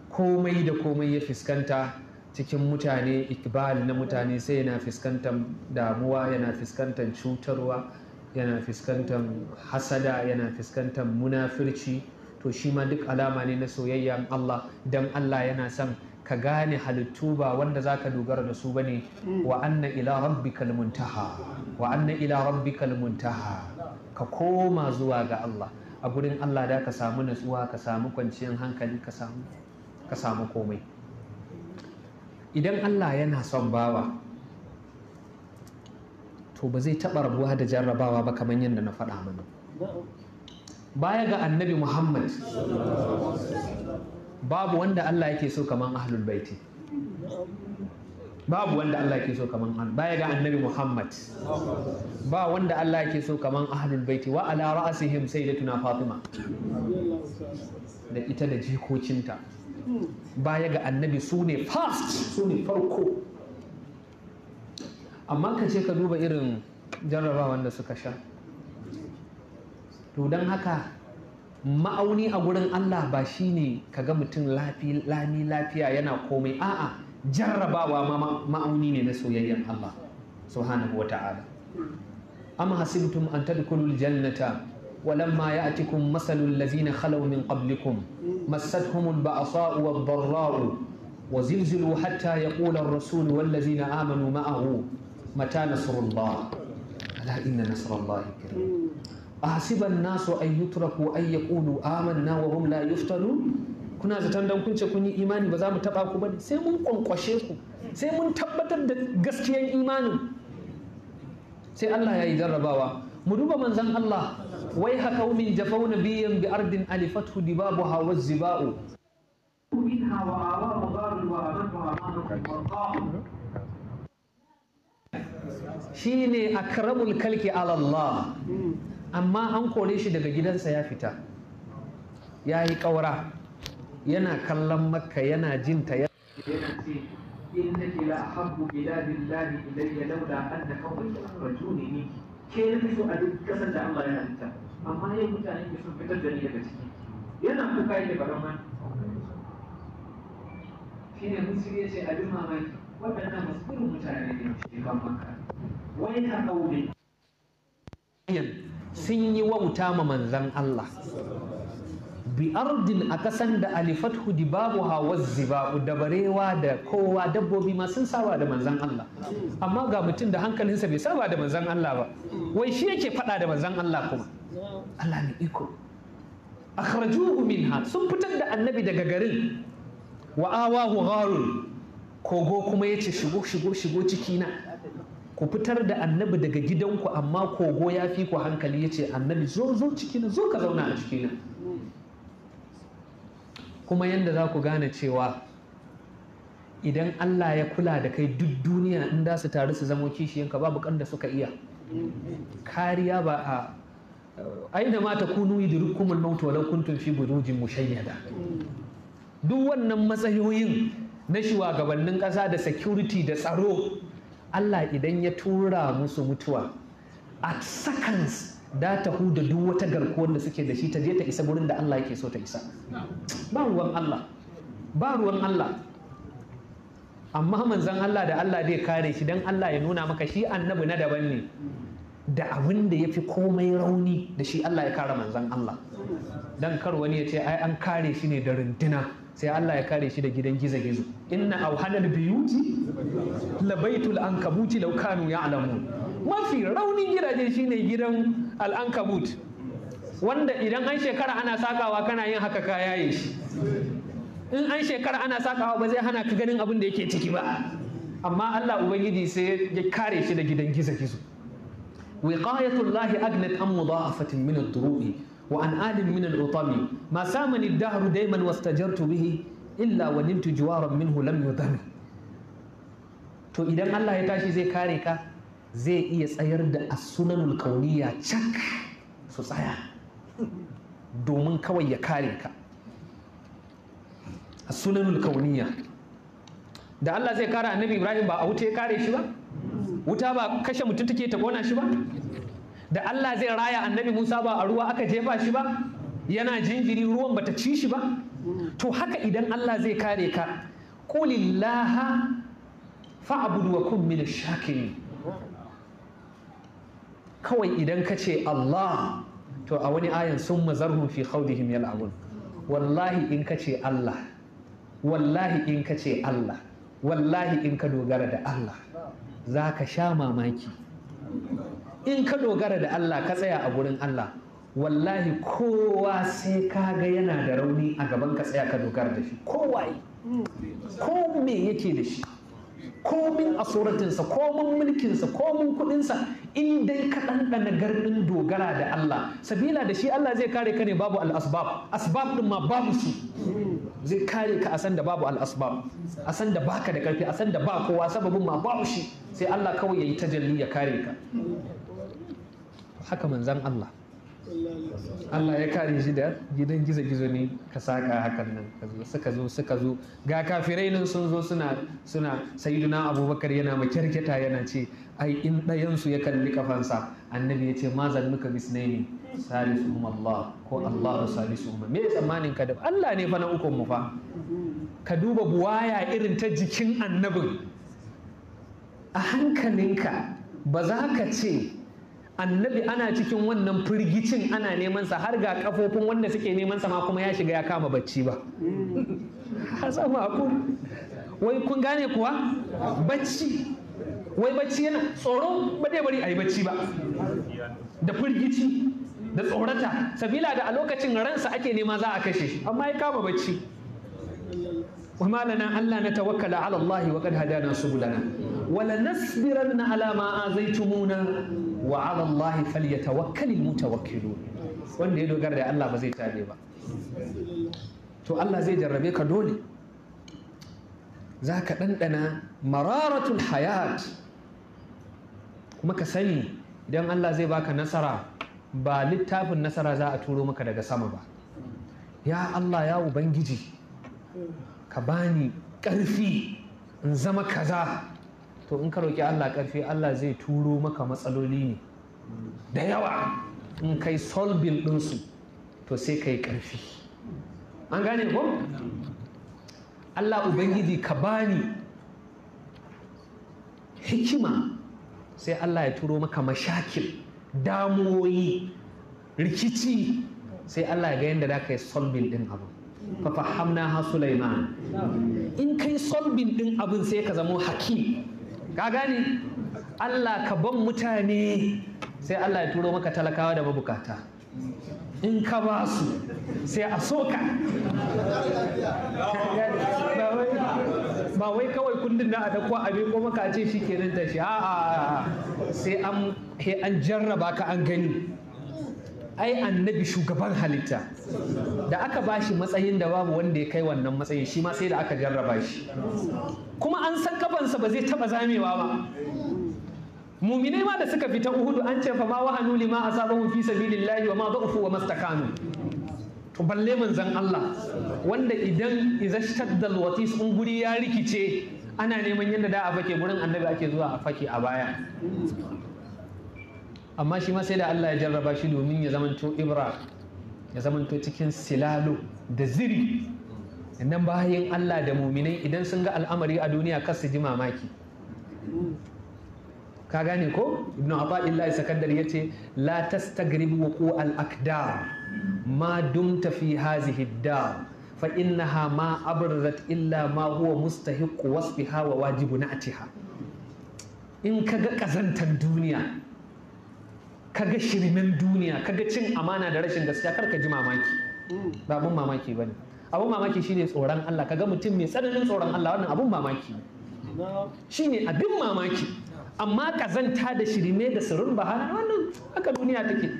Speaker 1: komai da komai ya fuskanta cikin mutane ikbal na mutane sai yana fuskantar damuwa yana fuskantar cutarwa yana fuskantar hasada yana fuskantar munafirci to shi ma duk alama ne na soyayyan Allah dan Allah yana son ka gane halittu ba wanda za ka dogara da su bane wa anna ila rabbikal muntaha wa anna ila rabbikal muntaha ka koma zuwa ga Allah a gurin Allah da ka samu natsuwa ka samu kwanciyar hankali ka samu ka samu komai idan Allah yana son bawa to ba zai taɓa rabuwa da jarrabawa ba kamar yadda na faɗa mana baya ga annabi Muhammad babu wanda Allah yake so kaman ahlul baiti
Speaker 2: babu wanda Allah yake so
Speaker 1: kaman baya ga annabi Muhammad ba wanda Allah yake so kaman ahlul baiti wa ala ra'sihim sayyidatuna Fatima da ita da jikokinta baya ga annabi su ne fast su ne farko amma ka ce ka duba irin jarrabawan da suka sha to don haka ma'auni a gurin Allah ba shi ne ka ga mutum lami lafiya yana komai a'a jarrabawa ma'auni ne na soyayyen Allah subhanahu wata'ala amma hasibtum an tadkhulul jannata ولما يأتكم مثل الذين خلوا من قبلكم مستهم البأساء والضراء وزلزلوا حتى يقول الرسول والذين آمنوا معه متى نصر الله ألا إن نصر الله كريم ahasiban nasu an yutraku an yaqulu amanna wa hum la yuftanu kuna zaton dan kun ce kun yi imani ba za mu taba ku bane sai mun kwankwashe ku sai mun tabbatar da gaskiyan imanin sai Allah ya yi jarrabawa mu duba manzon Allah wai ha qaumin jafau nabiyyan bi ardin alifatu dibabuha wa ziba'u shine akramul kalki وأبدها شيني amma an kore shi daga gidansa ya fita ya yi ƙaura yana kallon makka yana jinta yana ce innaki la habbu biladillahi ilayya laula anna kawai akhrajuni ni ke na fito a duk kasar da Allah ya halitta amma yau mutane ke son fitar da ni daga ciki yana kuka yake barama shine musulmi ya ce abin mamaki waɗannan masu mutane ne ke kan maka. wai
Speaker 2: ka kaune
Speaker 1: sun yi wauta ma manzan Allah bi ardin a kasan da alifatu babu hawa ziba'u da barewa da kowa dabbobi ma sun saba da manzan Allah amma ga mutum da hankalinsa bai saba da manzan Allah ba wai shi yake faɗa da manzan Allah kuma Allah ne iko akhrajuhu minha sun fitar da annabi daga garin wa awahu gharun kogo kuma yace shigo shigo shigo ciki na ku fitar da annabi daga gidanku amma kogo ya fi ku hankali ya ce annabi zo zo ciki zo ka zauna a ciki kuma yadda za ku gane cewa idan Allah ya kula da kai duk duniya in da su taru su zamo kishiyanka babu kan da suka iya kariya ba a aina ma ta kunu idrukumul maut walau kuntum fi burujin mushayyada duk wannan matsayoyin na shugabannin kasa da security da tsaro Allah idan ya tura musu mutuwa at seconds da ta huda duk wata garkuwar da suke da shi ta je ta isa gurin da Allah yake so ta isa ba ruwan Allah ba ruwan Allah amma manzon Allah da Allah zai kare shi dan Allah ya nuna maka shi annabi na daban ne da abin da ya fi komai rauni da shi Allah ya kare manzon Allah dan kar wani ya ce ai an kare shi ne da runduna sai Allah ya kare shi da gidan gizo-gizo inna auhanal biyuti labaitul ankabuti law kanu ya'lamun mafi raunin gidaje shine gidan al'ankabut wanda idan an shekara ana sakawa kana yin haka ka yaye shi in an shekara ana sakawa ba zai hana ka ganin abin da yake ciki ba amma Allah ubangiji sai ya kare shi da gidan gizo-gizo wiqayatullahi agnat an mudha'afatin min ad-duru'i Wa وعن آل من الأطم ما سامني الدهر دائما واستجرت illa wa ونلت جوارا منه لم يضم to idan Allah ya tashi zai kare ka zai iya tsayar da as al kauniya cak su tsaya domin kawai ya kare ka as al kauniya da Allah zai kare Annabi Ibrahim ba a wuta ya kare shi ba wuta ba kashe mutum ke ta kona shi ba da Allah zai raya annabi Musa ba a ruwa aka jefa shi ba yana jinjiri ruwan bata ci shi ba to haka idan Allah zai kare ka qulillaha fa'budu wa kun min shakirin kawai idan ka ce Allah to a wani ayan sun mazarhum fi khawdihim yal'abun wallahi in ka ce Allah wallahi in ka ce Allah wallahi in ka dogara da Allah za ka sha mamaki in ka dogara da Allah ka tsaya a gurin Allah wallahi kowa sai ka ga yana da rauni a gaban ka tsaya ka dogara da shi kowa ko me yake da shi komin a suratinsa komin mulkinsa komin kudinsa in dai ka ɗanɗana garin dogara da Allah sabila da shi Allah zai kare ka ne babu al'asbab asbab ɗin ma babu su zai kare ka a san da babu al'asbab a san da baka da karfi a san da ba kowa sababin ma babu shi sai Allah kawai ya yi tajalli ya kare ka haka manzan Allah Allah ya kare shi da gidan gizo-gizo ne ka saka hakan nan suka zo suka zo ga kafirai nan sun zo suna suna sayyiduna abubakar yana makyarketa yana ce ai in ɗayansu ya kalli kafansa annabi ya ce ma zannuka bisnaini salisu Allah ko Allah umma me tsammanin ka da Allah ne fa na ukun mu fa ka duba buwaya irin ta jikin annabin a hankalinka ba za ka ce annabi ana cikin wannan firgicin ana neman sa har ga kafofin wanda suke neman sa ma kuma ya shiga ya kama bacci ba ku wai kun gane kuwa bacci wai bacci yana tsoro ba dai bari a bacci ba da firgici da tsorata sabila da a lokacin ransa ake nema za a kashe amma ya kama bacci wa malana Allah na tawakkala ala Allah wa qad hadana subulana wa lanasbiranna ala ma azaitumuna wa ala mu ta wakilu. wanda ya dogara da Allah ba zai tabe ba to Allah zai jarrabe ka dole zaka dandana mararatul hayat kuma ka sani idan Allah zai baka nasara ba littafin nasara za a turo maka daga sama ba ya Allah ya ubangiji ka bani ƙarfi in zama kaza to in ka roƙi Allah ƙarfi Allah zai turo maka matsaloli ne da yawa in kai solbil ɗinsu to sai ka ƙarfi an gane ko Allah Ubangiji ka bani hikima sai Allah ya turo maka mashakil damuwoyi rikici sai Allah ya ga yadda za ka yi solbil ɗin abu fa fahamna ha Sulaiman in kai solbin ɗin abin sai ka zamo hakim ka gane Allah ka ban mutane sai Allah ya turo maka talakawa da mabukata in ka ba su sai a soka ba wai kawai kundin na a da kuwa abin ko maka ce shi kenan tashi a'a sai an jarraba ka an gani ai annabi shugaban halitta da aka bashi matsayin da babu wanda ya kai wannan matsayin shi ma sai da aka jarraba shi kuma an san kafansa ba zai taba zamewa ba muminai ma da suka fita uhudu an ce fa ma wahanu lima asabahu fi sabilillahi wa ma da'ufu wa mastakanu to balle manzon Allah wanda idan izashtaddal watis un guri ya rikice ana neman yadda da a fake gurin annabi ake zuwa a fake a baya amma shi ma sai da Allah ya jarraba shi domin ya zamanto ibra ya zamanto cikin silalo da ziri nan bayan Allah da muminai idan sun ga al'amari a duniya kar su ji mamaki ka gane ko ibn abdullahi sakandar ya ce la tastagrib wa al akdar ma dumta fi hazihi dar fa innaha ma abrazat illa ma huwa mustahiq wasfiha wa wajibu na'tiha in ka ga kazantar duniya Ka ga shirmen duniya ka ga cin amana da rashin gaskiya kar ka ji mamaki ba abun mamaki bane abun mamaki shine tsoron Allah kaga mutum mai tsananin tsoron Allah wannan abun mamaki shine abin mamaki amma ka zanta da shirme da sirrin bahana wannan haka duniya take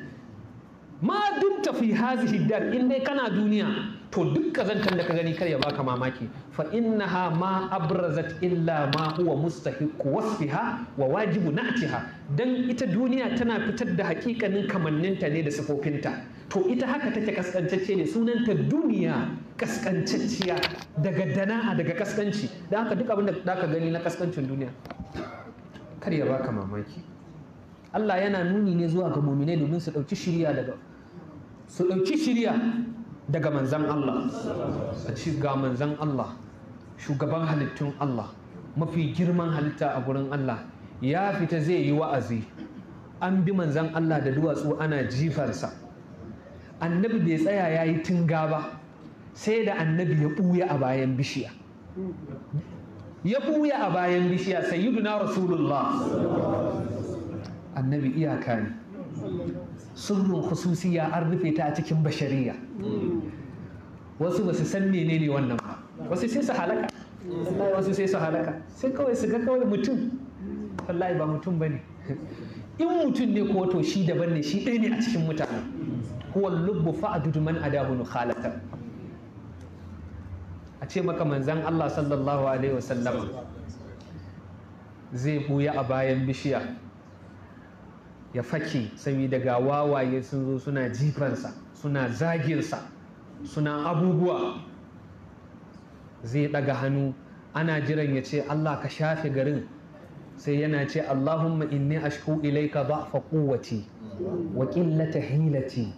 Speaker 1: ma dumta fi hazihi dar in dai kana duniya to duk kazantar da ka gani kar ya baka mamaki fa innaha ma abrazat illa ma huwa mustahiq wasfiha wa wajibu na'tiha dan ita duniya tana fitar da hakikanin kamanninta ne da sifofinta to ita haka take kaskantacce ne sunanta duniya kaskantacciya daga dana'a daga kaskanci dan haka duk abin da zaka gani na kaskancin duniya kar ya baka mamaki Allah yana nuni ne zuwa ga muminai domin su ɗauki shiriya daga su ɗauki shiriya. daga manzan Allah a ci ga manzan Allah shugaban halittun Allah mafi girman halitta a gurin Allah ya fita zai yi wa'azi an bi manzan Allah da duwatsu ana jifarsa annabi bai tsaya ya yi tunga ba sai da annabi ya ɓuya a bayan bishiya ya ɓuya a bayan bishiya sayyiduna rasulullah annabi iyaka ne sirrin hususiya an rufe ta a cikin bashariya wasu ba su san menene wannan ba wasu sai su halaka wasu sai su halaka sai kawai su ga kawai mutum wallahi ba mutum ba ne. in mutum ne ko to shi daban ne shi ɗaya ne a cikin mutane huwa lubbu fa'adudu man adahu nukhalatan a ce maka manzan Allah sallallahu alaihi wasallama zai buya a bayan bishiya ya fake saboda ga wawaye sun zo suna jifansa suna zaginsa suna abubuwa zai ɗaga hannu ana jiran ya ce Allah ka shafe garin sai yana ce Allahumma inni ashku ilaika da'fa quwwati wa qillata hilati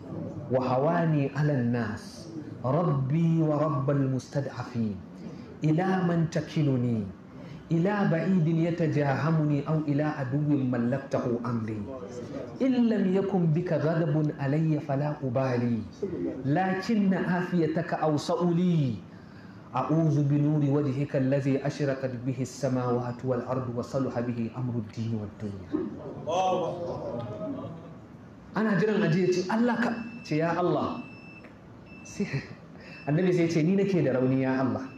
Speaker 1: wa hawani 'alan nas rabbi wa rabbal mustad'afin ila man takiluni ila ba'idin ya tajahamuni au ila aduwin mallaktahu amri illam yakun bika ghadabun alayya fala ubali lakin na afiyataka au sa'uli a'udhu bi nuri wajhika allazi ashraqat bihi as-samawati wal ardu wa saluha bihi amru ad-din wad ana jiran aje ce Allah ce ya Allah annabi sai ce ni nake da rauni ya Allah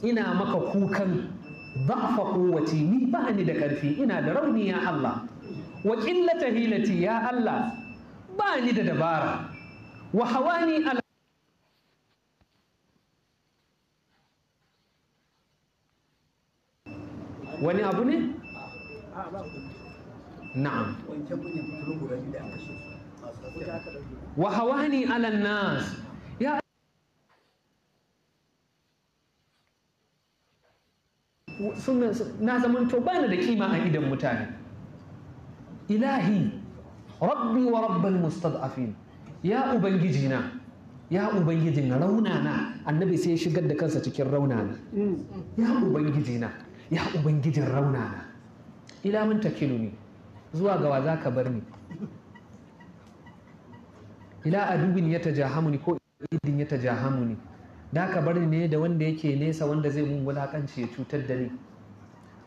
Speaker 1: ina maka kukan ضعف قوتي ني باني دا كرفي إنا دا روني يا الله وقلة هيلتي يا الله باني دا دبارة وحواني على wani abu ne? na'am wa hawani ala nas na zamanto bani da kima a idan mutane ilahi rabbi wa rabbal mustad'afin ya ubangijina ya ubangijin raunana annabi sai ya shigar da kansa cikin raunana ya ubangijina ya ubangijin raunana ila mun takilu ne zuwa gawa za ka bar ni ila adubin ya tajahamuni ko idin ya tajahamuni da ka bar ne da wanda yake nesa wanda zai mun wulakanci ya cutar da ni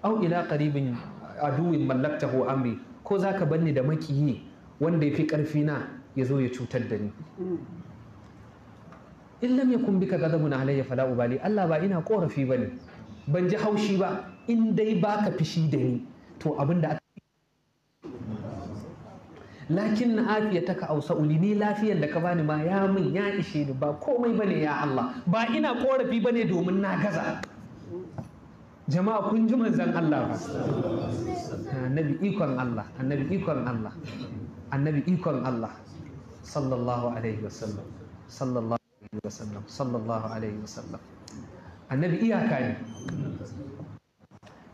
Speaker 1: au ila qaribin aduwin mallaktahu amri ko za ka bar ni da makiyi wanda yafi karfi na ya zo ya cutar da ni in lam yakun bika ghadabun alayya fala ubali Allah ba ina korafi bane ban ji haushi ba in dai baka fishi da ni to abinda lakin na afiya ta ka ausa uli ni lafiyar da ka bani ma ya min ya ishe ni ba komai bane ya Allah ba ina korafi bane domin na gaza jama'a kun ji manzon Allah ba annabi ikon Allah annabi ikon Allah annabi ikon Allah sallallahu alaihi wasallam sallallahu alaihi wasallam sallallahu alaihi wasallam annabi iyaka ne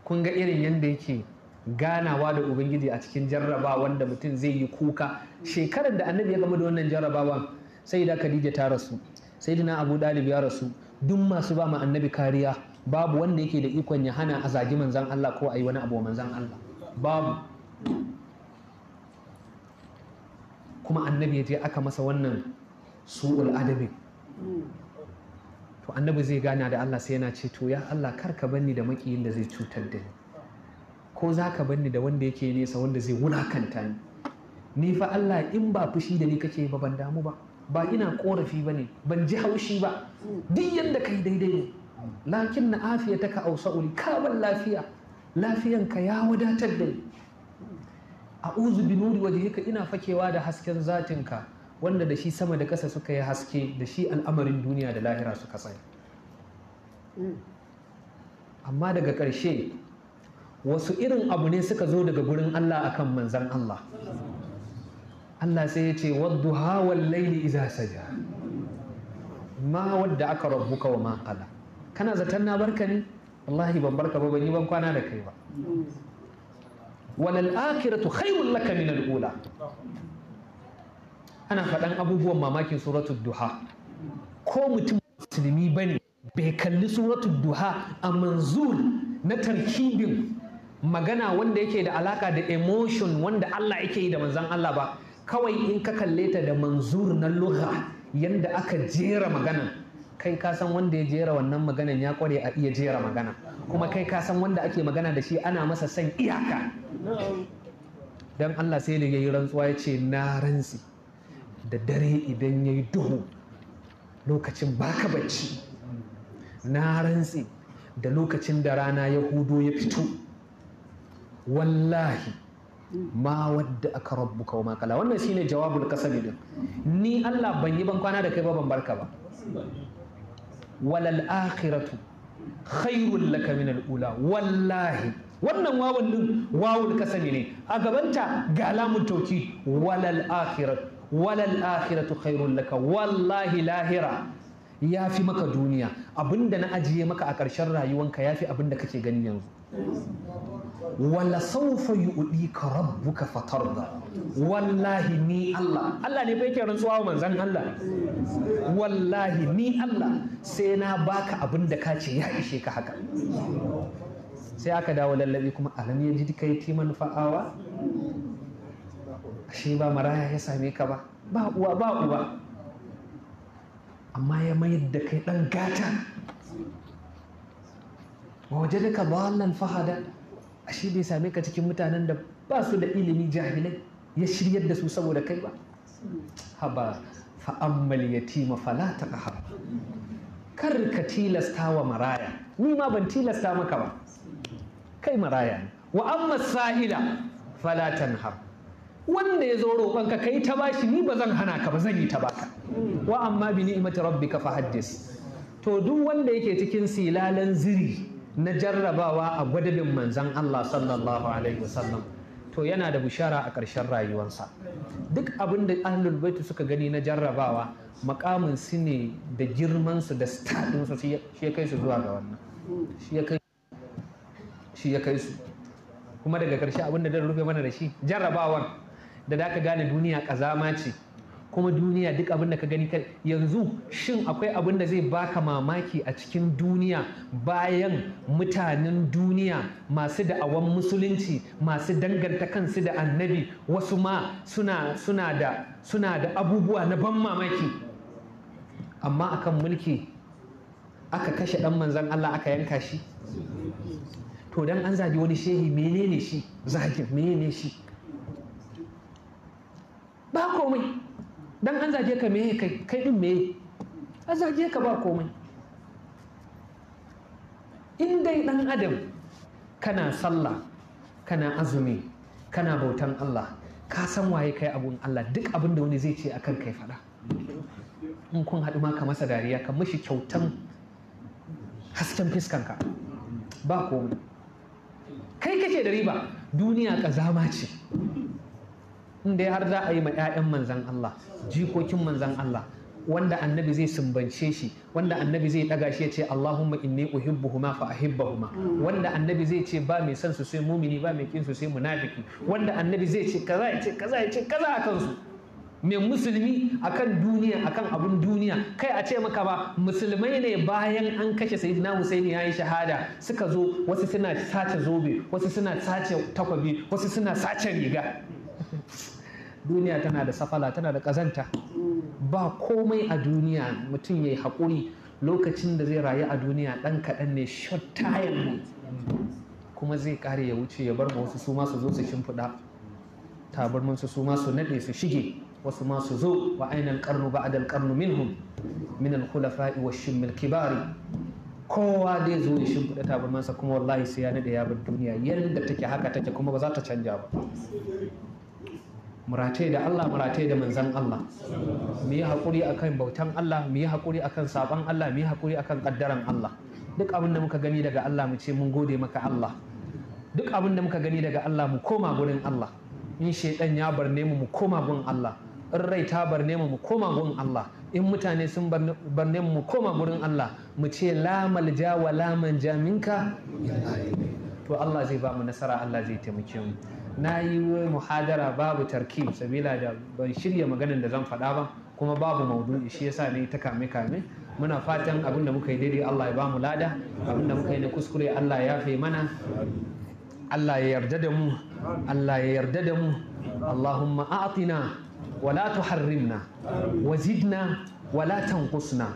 Speaker 1: kun ga irin yadda yake ganawa da ubangiji a cikin jarraba wanda mutum zai yi kuka shekarar da annabi ya gama da wannan jarrabawan sai da khadija ta rasu sai da na abu dalib ya rasu duk masu ba ma annabi kariya babu wanda yake da ikon ya hana a zagi manzan Allah ko a yi wani abu manzan Allah babu kuma annabi ya je aka masa wannan su'ul adabi to annabi zai gana da Allah sai yana ce to ya Allah kar ka banni da makiyin da zai cutar da ni ko za ka banni da wanda yake nesa wanda zai wulakanta ni ni fa Allah in ba fushi da ni kake ba ban damu ba ba ina korafi ba ne ban ji haushi ba duk yadda kai daidai ne lakin na afiya ta ka ausa ka ban lafiya lafiyan ka ya wadatar da ni a uzu bi nuri wajhika ina fakewa da hasken zatin ka wanda da shi sama da ƙasa suka yi haske da shi al'amarin duniya da lahira suka tsaya mm. amma daga ƙarshe wasu irin abu ne suka zo daga gurin Allah akan manzan Allah Allah sai ya ce wadduha hawan laili iza saja ma wadda aka rabbuka wa ma kala kana zaton na barka ne wallahi ban barka ba ban yi ban kwana da kai ba walal akhiratu khairul laka min al ula ana faɗan abubuwan mamakin suratul duha ko mutum musulmi bane bai kalli suratul duha a manzur na tarkibin magana wanda yake da alaka da emotion wanda Allah yake yi da manzan Allah ba kawai in ka kalle ta da manzur na lugha yanda aka
Speaker 2: jera maganan
Speaker 1: kai ka san wanda ya jera wannan maganan ya kware a iya jera magana kuma kai ka san wanda ake magana da shi ana masa san iyaka dan Allah sai da yayi rantsuwa ya ce na rantsi da dare idan yayi duhu lokacin baka bacci na rantsi da lokacin da rana ya hudo ya fito wallahi ma wadda aka rabu kawo makala wannan shine jawabul kasami din ni Allah ban yi bankwana da kai ba ban barka ba walal akhiratu khairul laka min al'ula. wallahi wannan wawan din wawul ne a gabanta ga alamun tauki walal akhiratu walal akhiratu khairul laka wallahi lahira ya fi maka duniya abinda na ajiye maka a ƙarshen rayuwanka ya fi abinda kake gani yanzu wala saufa ka fatar da. wallahi ni Allah Allah ne fa yake rantsuwa manzan Allah wallahi ni Allah sai na baka abin da kace ya ishe ka haka sai aka dawo lallabi kuma alam ya ji kai timan fa'awa ashe ba maraya ya same ka ba ba uwa ba uwa amma ya mayar da kai ɗan gata wa wajadaka ballan fahada ashe bai same ka cikin mutanen da ba su da ilimi jahilai ya shiryar da su saboda kai ba haba fa'ammal yatima fala taqhar kar ka tilasta wa maraya ni ma ban tilasta maka ba kai maraya ne wa amma sa'ila fala tanhar wanda ya zo roƙonka kai ta bashi ni ba zan hana ka ba zan yi ta baka wa amma bi ni'imati rabbika Haddis. to duk wanda yake cikin silalan ziri na jarrabawa a gwadabin manzan Allah sallallahu alaihi wasallam to yana da bishara a ƙarshen rayuwarsa duk abin da ahlul baitu suka gani na jarrabawa makamin su ne da girmansu da statinsu shi ya kai su zuwa ga wannan shi ya kai su kuma daga ƙarshe abin da rufe mana da shi jarrabawar da da ka gane duniya ƙazama ce kuma duniya duk abin da ka gani yanzu shin akwai abin da zai baka mamaki a cikin duniya bayan mutanen duniya masu da'awan musulunci masu danganta kansu da annabi wasu ma suna suna da abubuwa na ban mamaki amma akan mulki aka kashe dan manzan Allah aka yanka shi to dan an zagi wani shehi menene shi zagin menene shi ba komai dan an zage ka meye kai din meye an zage ka ba komai in dai dan adam kana sallah kana azumi kana bautan Allah ka san waye kai abun Allah duk abin da wani zai ce akan kai fada in kun haɗu ma ka masa dariya ka mishi kyautan hasken fiskanka ba komai kai kake da riba duniya ƙazama ce in dai har za a yi ma 'ya'yan manzan Allah jikokin manzan Allah wanda annabi zai sumbance shi wanda annabi zai daga shi ya ce Allahumma inni uhibbuhuma fa ahibbahuma wanda annabi zai ce ba mai san su sai mumini ba mai kin su sai munafiki wanda annabi zai ce kaza ya ce kaza ya ce kaza akan su mai musulmi akan duniya akan abun duniya kai a ce maka ba musulmai ne bayan an kashe sayyidina Husaini yayi shahada suka zo wasu suna sace zobe wasu suna sace takwabi wasu suna sace riga duniya tana da safala tana da kazanta ba komai a duniya mutum ya yi haƙuri lokacin da zai rayu a duniya ɗan kaɗan ne short time kuma zai ƙare ya wuce ya bar ma wasu su masu zo su shimfiɗa tabarmin su su masu naɗe su shige wasu ma su zo wa ainihin ƙarnu ba adal ƙarnu minhum min al-khulafa'i wa shimmil kibari kowa dai zo ya shimfiɗa sa kuma wallahi sai ya naɗe ya bar duniya yadda take haka take kuma ba za ta canja ba muratai da Allah muratai da manzan Allah mu yi haƙuri akan bautan Allah mu yi haƙuri akan sabon Allah mu yi haƙuri akan ƙaddaran Allah duk abin da muka gani daga Allah mu ce mun gode maka Allah duk abin da muka gani daga Allah mu koma gurin Allah in shaidan ya barne mu mu koma gurin Allah in rai ta barne mu mu koma gurin Allah in mutane sun barne mu mu koma gurin Allah mu ce la malja wa la manja minka to Allah zai ba mu nasara Allah zai taimake mu na yi muhadara babu tarkib sabila da ban shirya maganar da zan faɗa ba kuma babu maudu'i shi yasa ne ta kame kame muna fatan abinda muka yi daidai Allah ya ba mu lada abinda muka yi na kuskure Allah ya yafe mana Allah ya yarda da mu Allah ya yarda da mu Allahumma a'tina wa la tuharrimna wa zidna ولا تنقصنا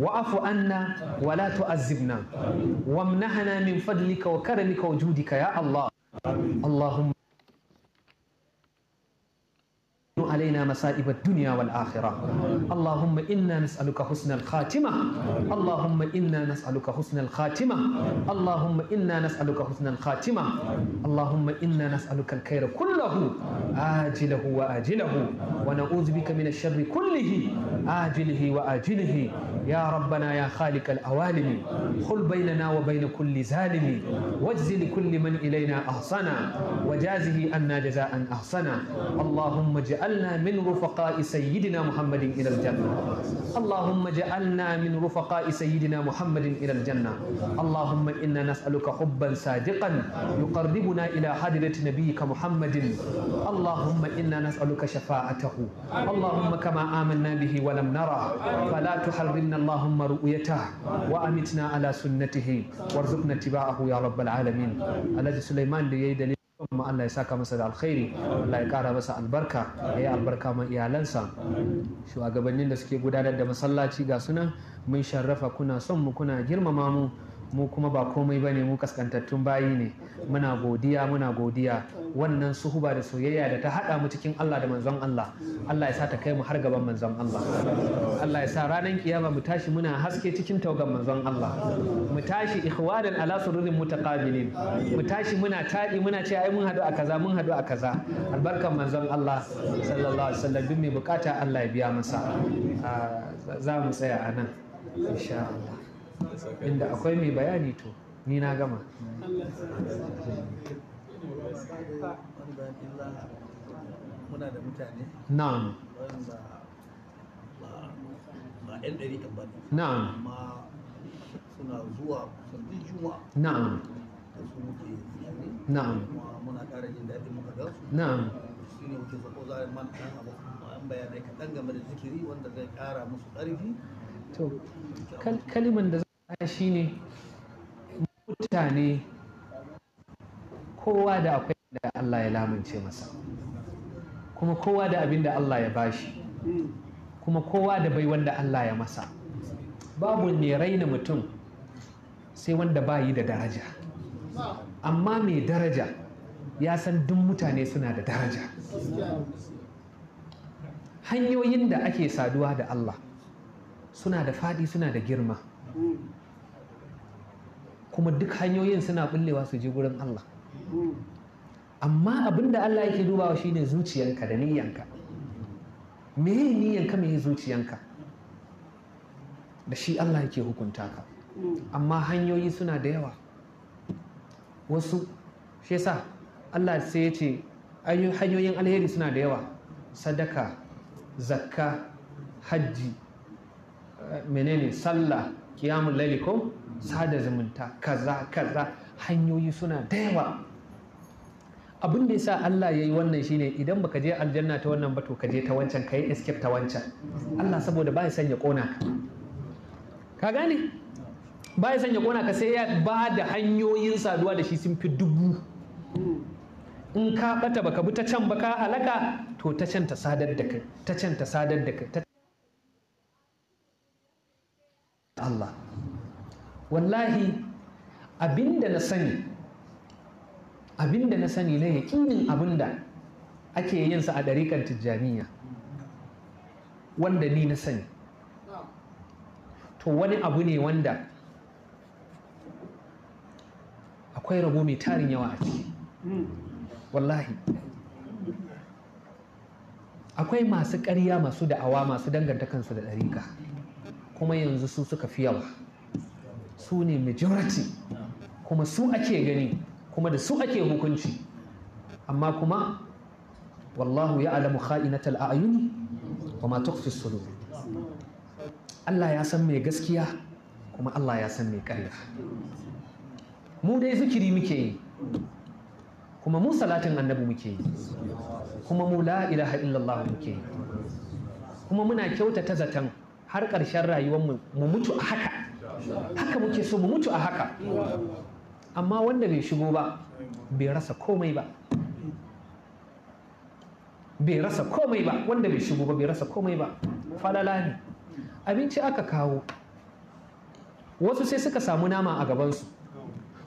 Speaker 1: واعف عنا ولا تعذبنا وامنحنا من فضلك وكرمك وجودك يا الله اللهم علينا مصائب الدنيا والآخرة اللهم إنا نسألك حسن الخاتمة اللهم إنا نسألك حسن الخاتمة اللهم إنا نسألك حسن الخاتمة اللهم إنا نسألك الخير كله آجله وآجله ونعوذ بك من الشر كله آجله وآجله يا ربنا يا خالق الأوالم خل بيننا وبين كل زالم واجزي لكل من إلينا أحسنا وجازه أنا جزاء أحسنا اللهم اجعلنا اجعلنا من رفقاء سيدنا محمد إلى الجنة اللهم اجعلنا من رفقاء سيدنا محمد إلى الجنة اللهم إنا نسألك حبا صادقا يقربنا إلى حضرة نبيك محمد اللهم إنا نسألك شفاعته اللهم كما آمنا به ولم نره فلا تحرمنا اللهم رؤيته وأمتنا على سنته وارزقنا اتباعه يا رب العالمين الذي سليمان ليدلل mu Allah ya saka masa da alkhairi Allah ya kara masa albarka ya yi albarka ma iyalansa shugabannin da suke gudanar da masallaci ga sunan mun sharrafa kuna son mu kuna girmama mu mu kuma ba komai ba ne mu kaskantattun bayi ne muna godiya muna godiya wannan suhuba da soyayya da ta haɗa mu cikin Allah da manzon Allah Allah ya sa ta kai mu har gaban manzon Allah Allah ya sa ranar kiyama mu tashi muna haske cikin taugan manzon Allah mu tashi ikhwanan ala sururin mutaqabilin mu tashi muna taɗi muna ce ai mun hadu a kaza mun hadu a kaza albarkan manzon Allah sallallahu alaihi wasallam duk mai bukata Allah ya biya masa ah, za mu tsaya a nan insha Allah inda akwai mai bayani to ni na gama
Speaker 2: muna da mutane na'am ba 'yan ɗari ba na'am amma suna zuwa kusan
Speaker 1: na'am da su muke na'am muna ƙara jin muka su na'am ne sako man ɗan abu an bayanai kaɗan game da zikiri wanda zai ƙara musu ƙarfi to kaliman da ai shi ne mutane kowa da akwai da Allah ya lamince masa kuma kowa da abin da Allah ya bashi kuma kowa da bai wanda Allah ya masa babu ne raina mutum sai wanda ba yi da daraja amma mai daraja ya san duk mutane suna da daraja hanyoyin da ake saduwa da Allah suna da faɗi suna da girma kuma duk hanyoyin suna bullewa su je gurin Allah amma abin da Allah yake dubawa shine zuciyanka da niyyanka me yi niyyanka me zuciyanka da shi Allah yake hukunta ka amma hanyoyi suna da yawa wasu shi yasa Allah sai ya ce hanyoyin alheri suna da yawa sadaka zakka hajji eh, menene sallah kiyamun laliko ko sada zumunta kaza kaza hanyoyi suna da yawa abin da yasa Allah yayi wannan shine idan baka je aljanna ta wannan ba to ka je ta wancan kai escape ta wancan Allah saboda ba ya sanya kona ka ka gane ba ya sanya kona ka sai ya ba da hanyoyin saduwa da shi sun fi dubu in ka bata baka bi ta can baka halaka to ta can ta sadar da kai ta can ta sadar da kai Allah wallahi abinda na sani abinda na sani na yaƙinin abinda ake yin sa a ɗariƙar tijjaniya wanda ni na sani to wani abu ne wanda akwai rabo mai tarin yawa a ciki wallahi akwai masu ƙarya masu da'awa masu dangantakansu da ɗariƙa kuma yanzu su suka fi yawa su ne majority kuma su ake gani kuma da su ake hukunci amma kuma wallahu ya alamu kha'inatal a'yun wa ma tukhfi sudur Allah ya san mai gaskiya kuma Allah ya san mai ƙarya mu dai zikiri muke yi kuma mu salatin annabi muke yi kuma mu la ilaha illallah muke yi kuma muna kyautata zaton har ƙarshen rayuwar mu mu mutu a haka
Speaker 2: haka muke so
Speaker 1: mu mutu a haka amma wanda bai shigo ba bai rasa komai ba bai rasa komai ba wanda bai shigo ba bai rasa komai ba falala ne abinci aka kawo wasu sai suka samu nama a gabansu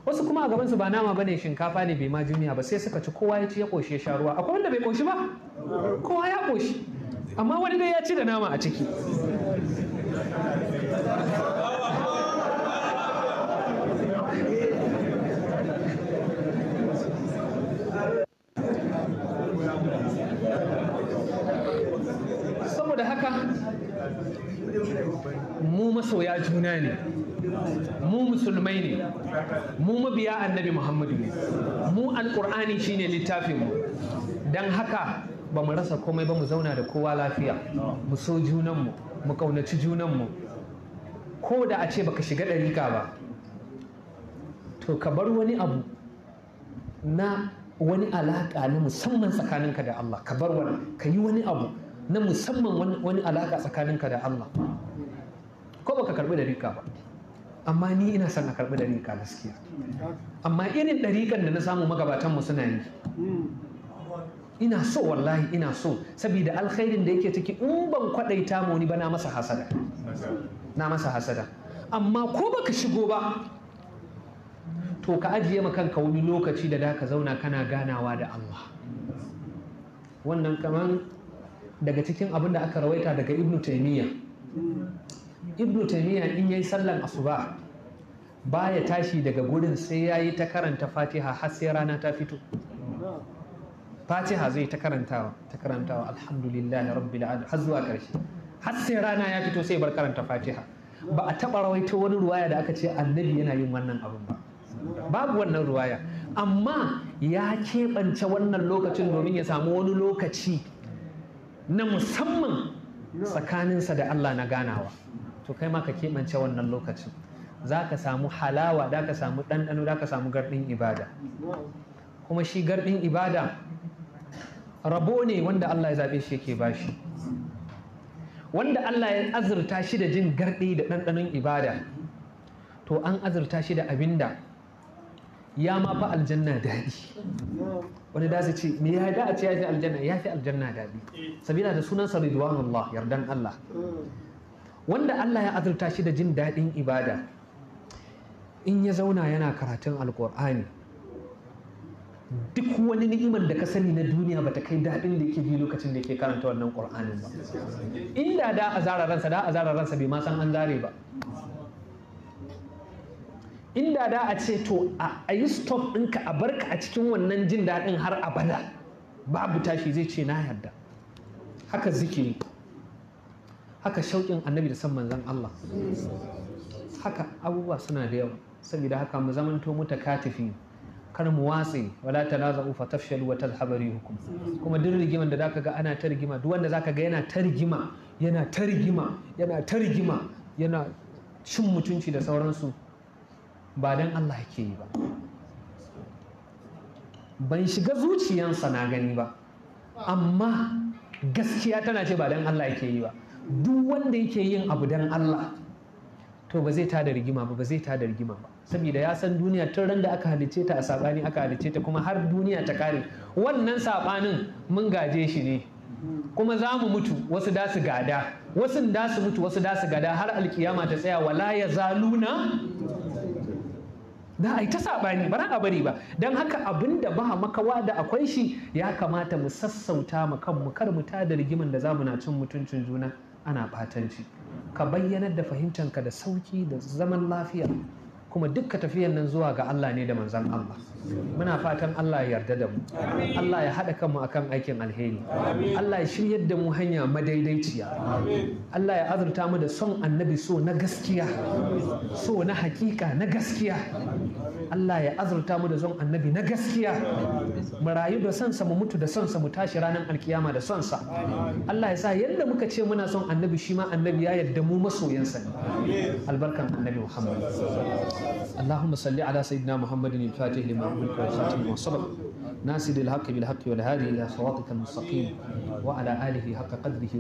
Speaker 1: wasu kuma a gabansu ba nama bane shinkafa ne bai ma jumiya ba sai suka ci kowa ya ci ya koshi ya sha ruwa akwai wanda bai koshi ba kowa ya koshi amma wani dai ya ci da nama a ciki
Speaker 2: saboda haka
Speaker 1: mu masoya juna ne mu musulmai ne mu mabiya annabi muhammadu ne mu alkur'ani shine littafin mu don haka ba mu rasa komai ba mu zauna da kowa lafiya mu so junanmu mu kaunaci junanmu ko da a ce baka shiga ɗarika ba to ka bar wani abu na wani alaƙa na musamman tsakaninka da Allah ka bar wani ka yi wani abu na musamman wani alaƙa tsakaninka da Allah ko baka karɓi ɗarika ba amma ni ina son a karɓi ɗarika gaskiya amma irin ɗarikan da na samu magabatanmu suna yi ina so wallahi ina so saboda alkhairin da yake take in ban kwadaita mu ni ba na masa hasada amma ko baka shigo ba to ka ajiye ma kanka wani lokaci da da ka zauna kana ganawa da Allah wannan kaman daga cikin abin da aka rawaita daga ibnu taymiya ibnu taymiya in yayi sallan asuba baya tashi daga gurin sai yayi ta karanta fatiha har sai rana ta fito fatiha zai ta karantawa ta karantawa alhamdulillahi rabbil alamin har zuwa karshe har sai rana ya fito sai bar karanta fatiha ba a taba rawaito wani ruwaya da aka ce annabi yana yin wannan abin ba babu wannan ruwaya
Speaker 2: amma
Speaker 1: ya keɓance wannan lokacin domin ya samu wani lokaci na musamman tsakaninsa da Allah na ganawa to kai ma ka keɓance wannan lokacin za ka samu halawa da ka samu ɗanɗano da ka samu garɗin ibada kuma shi garɗin ibada rabo ne wanda Allah ya zaɓe shi yake bashi wanda Allah ya azurta shi da jin garɗi da ɗanɗanon ibada to an azurta shi da abinda ya ma fa aljanna daɗi wani da su ce me ya da a ce ya fi aljanna ya fi aljanna daɗi sabila da sunan sa ridwan Allah yardan Allah wanda Allah ya azurta shi da jin daɗin ibada in ya zauna yana karatun alƙur'ani duk wani ni'imar da ka sani na duniya ba ta kai daɗin da yake bi lokacin da yake karanta wannan ƙur'anin ba inda da a zara ransa da a zara ransa bai ma san an zare ba inda da a ce to a yi stop ɗinka a barka a cikin wannan jin daɗin har abada babu tashi zai ce na yarda haka zikiri haka shauƙin annabi da san manzon Allah haka abubuwa suna da yawa saboda haka mu zamanto mu ta katifi kar mu watse wala tanaza'u fa tafshalu wa tadhhabu rihukum kuma duk rigiman da zaka ga ana ta rigima duk wanda zaka ga yana ta rigima yana ta rigima yana ta yana cin mutunci da sauransu ba dan Allah yake yi ba ban shiga zuciyansa na gani ba amma gaskiya tana ce ba dan Allah yake yi ba duk wanda yake yin abu dan Allah to ba zai tada rigima ba ba zai tada rigima ba saboda ya san duniya tun ran da aka halicce ta a sabani aka halicce ta kuma har duniya ta kare wannan sabanin mun gaje shi ne kuma za mu mutu wasu da su gada wasu da su mutu wasu da su gada har alkiyama ta tsaya wala ya zaluna da ai ta sabani ba a bari ba dan haka abin da ba makawa da akwai shi ya kamata mu sassauta mu kanmu kar mu tada rigiman da zamu na cin mutuncin juna ana batanci ka bayyanar da fahimtanka da sauki da zaman lafiya kuma dukka tafiyan nan zuwa ga Allah ne da manzon Allah muna fatan Allah ya yarda da mu Allah ya haɗa kanmu akan aikin alheri Allah ya shiryar da mu hanya madaidaiciya Allah ya azurta mu da son annabi so na gaskiya so na hakika na gaskiya Allah ya azurta mu da son annabi na gaskiya mu rayu da son sa mu mutu da son sa mu tashi ranar alkiyama da son sa Allah ya sa yadda muka ce muna son annabi shi ma annabi ya yarda mu masoyansa albarkan annabi Muhammad Allahumma salli ala sayyidina Muhammadin fatihi lima ربك وشاتم وصبر ناسي الحق بالحق والهادي إلى صراطك المستقيم وعلى آله حق قدره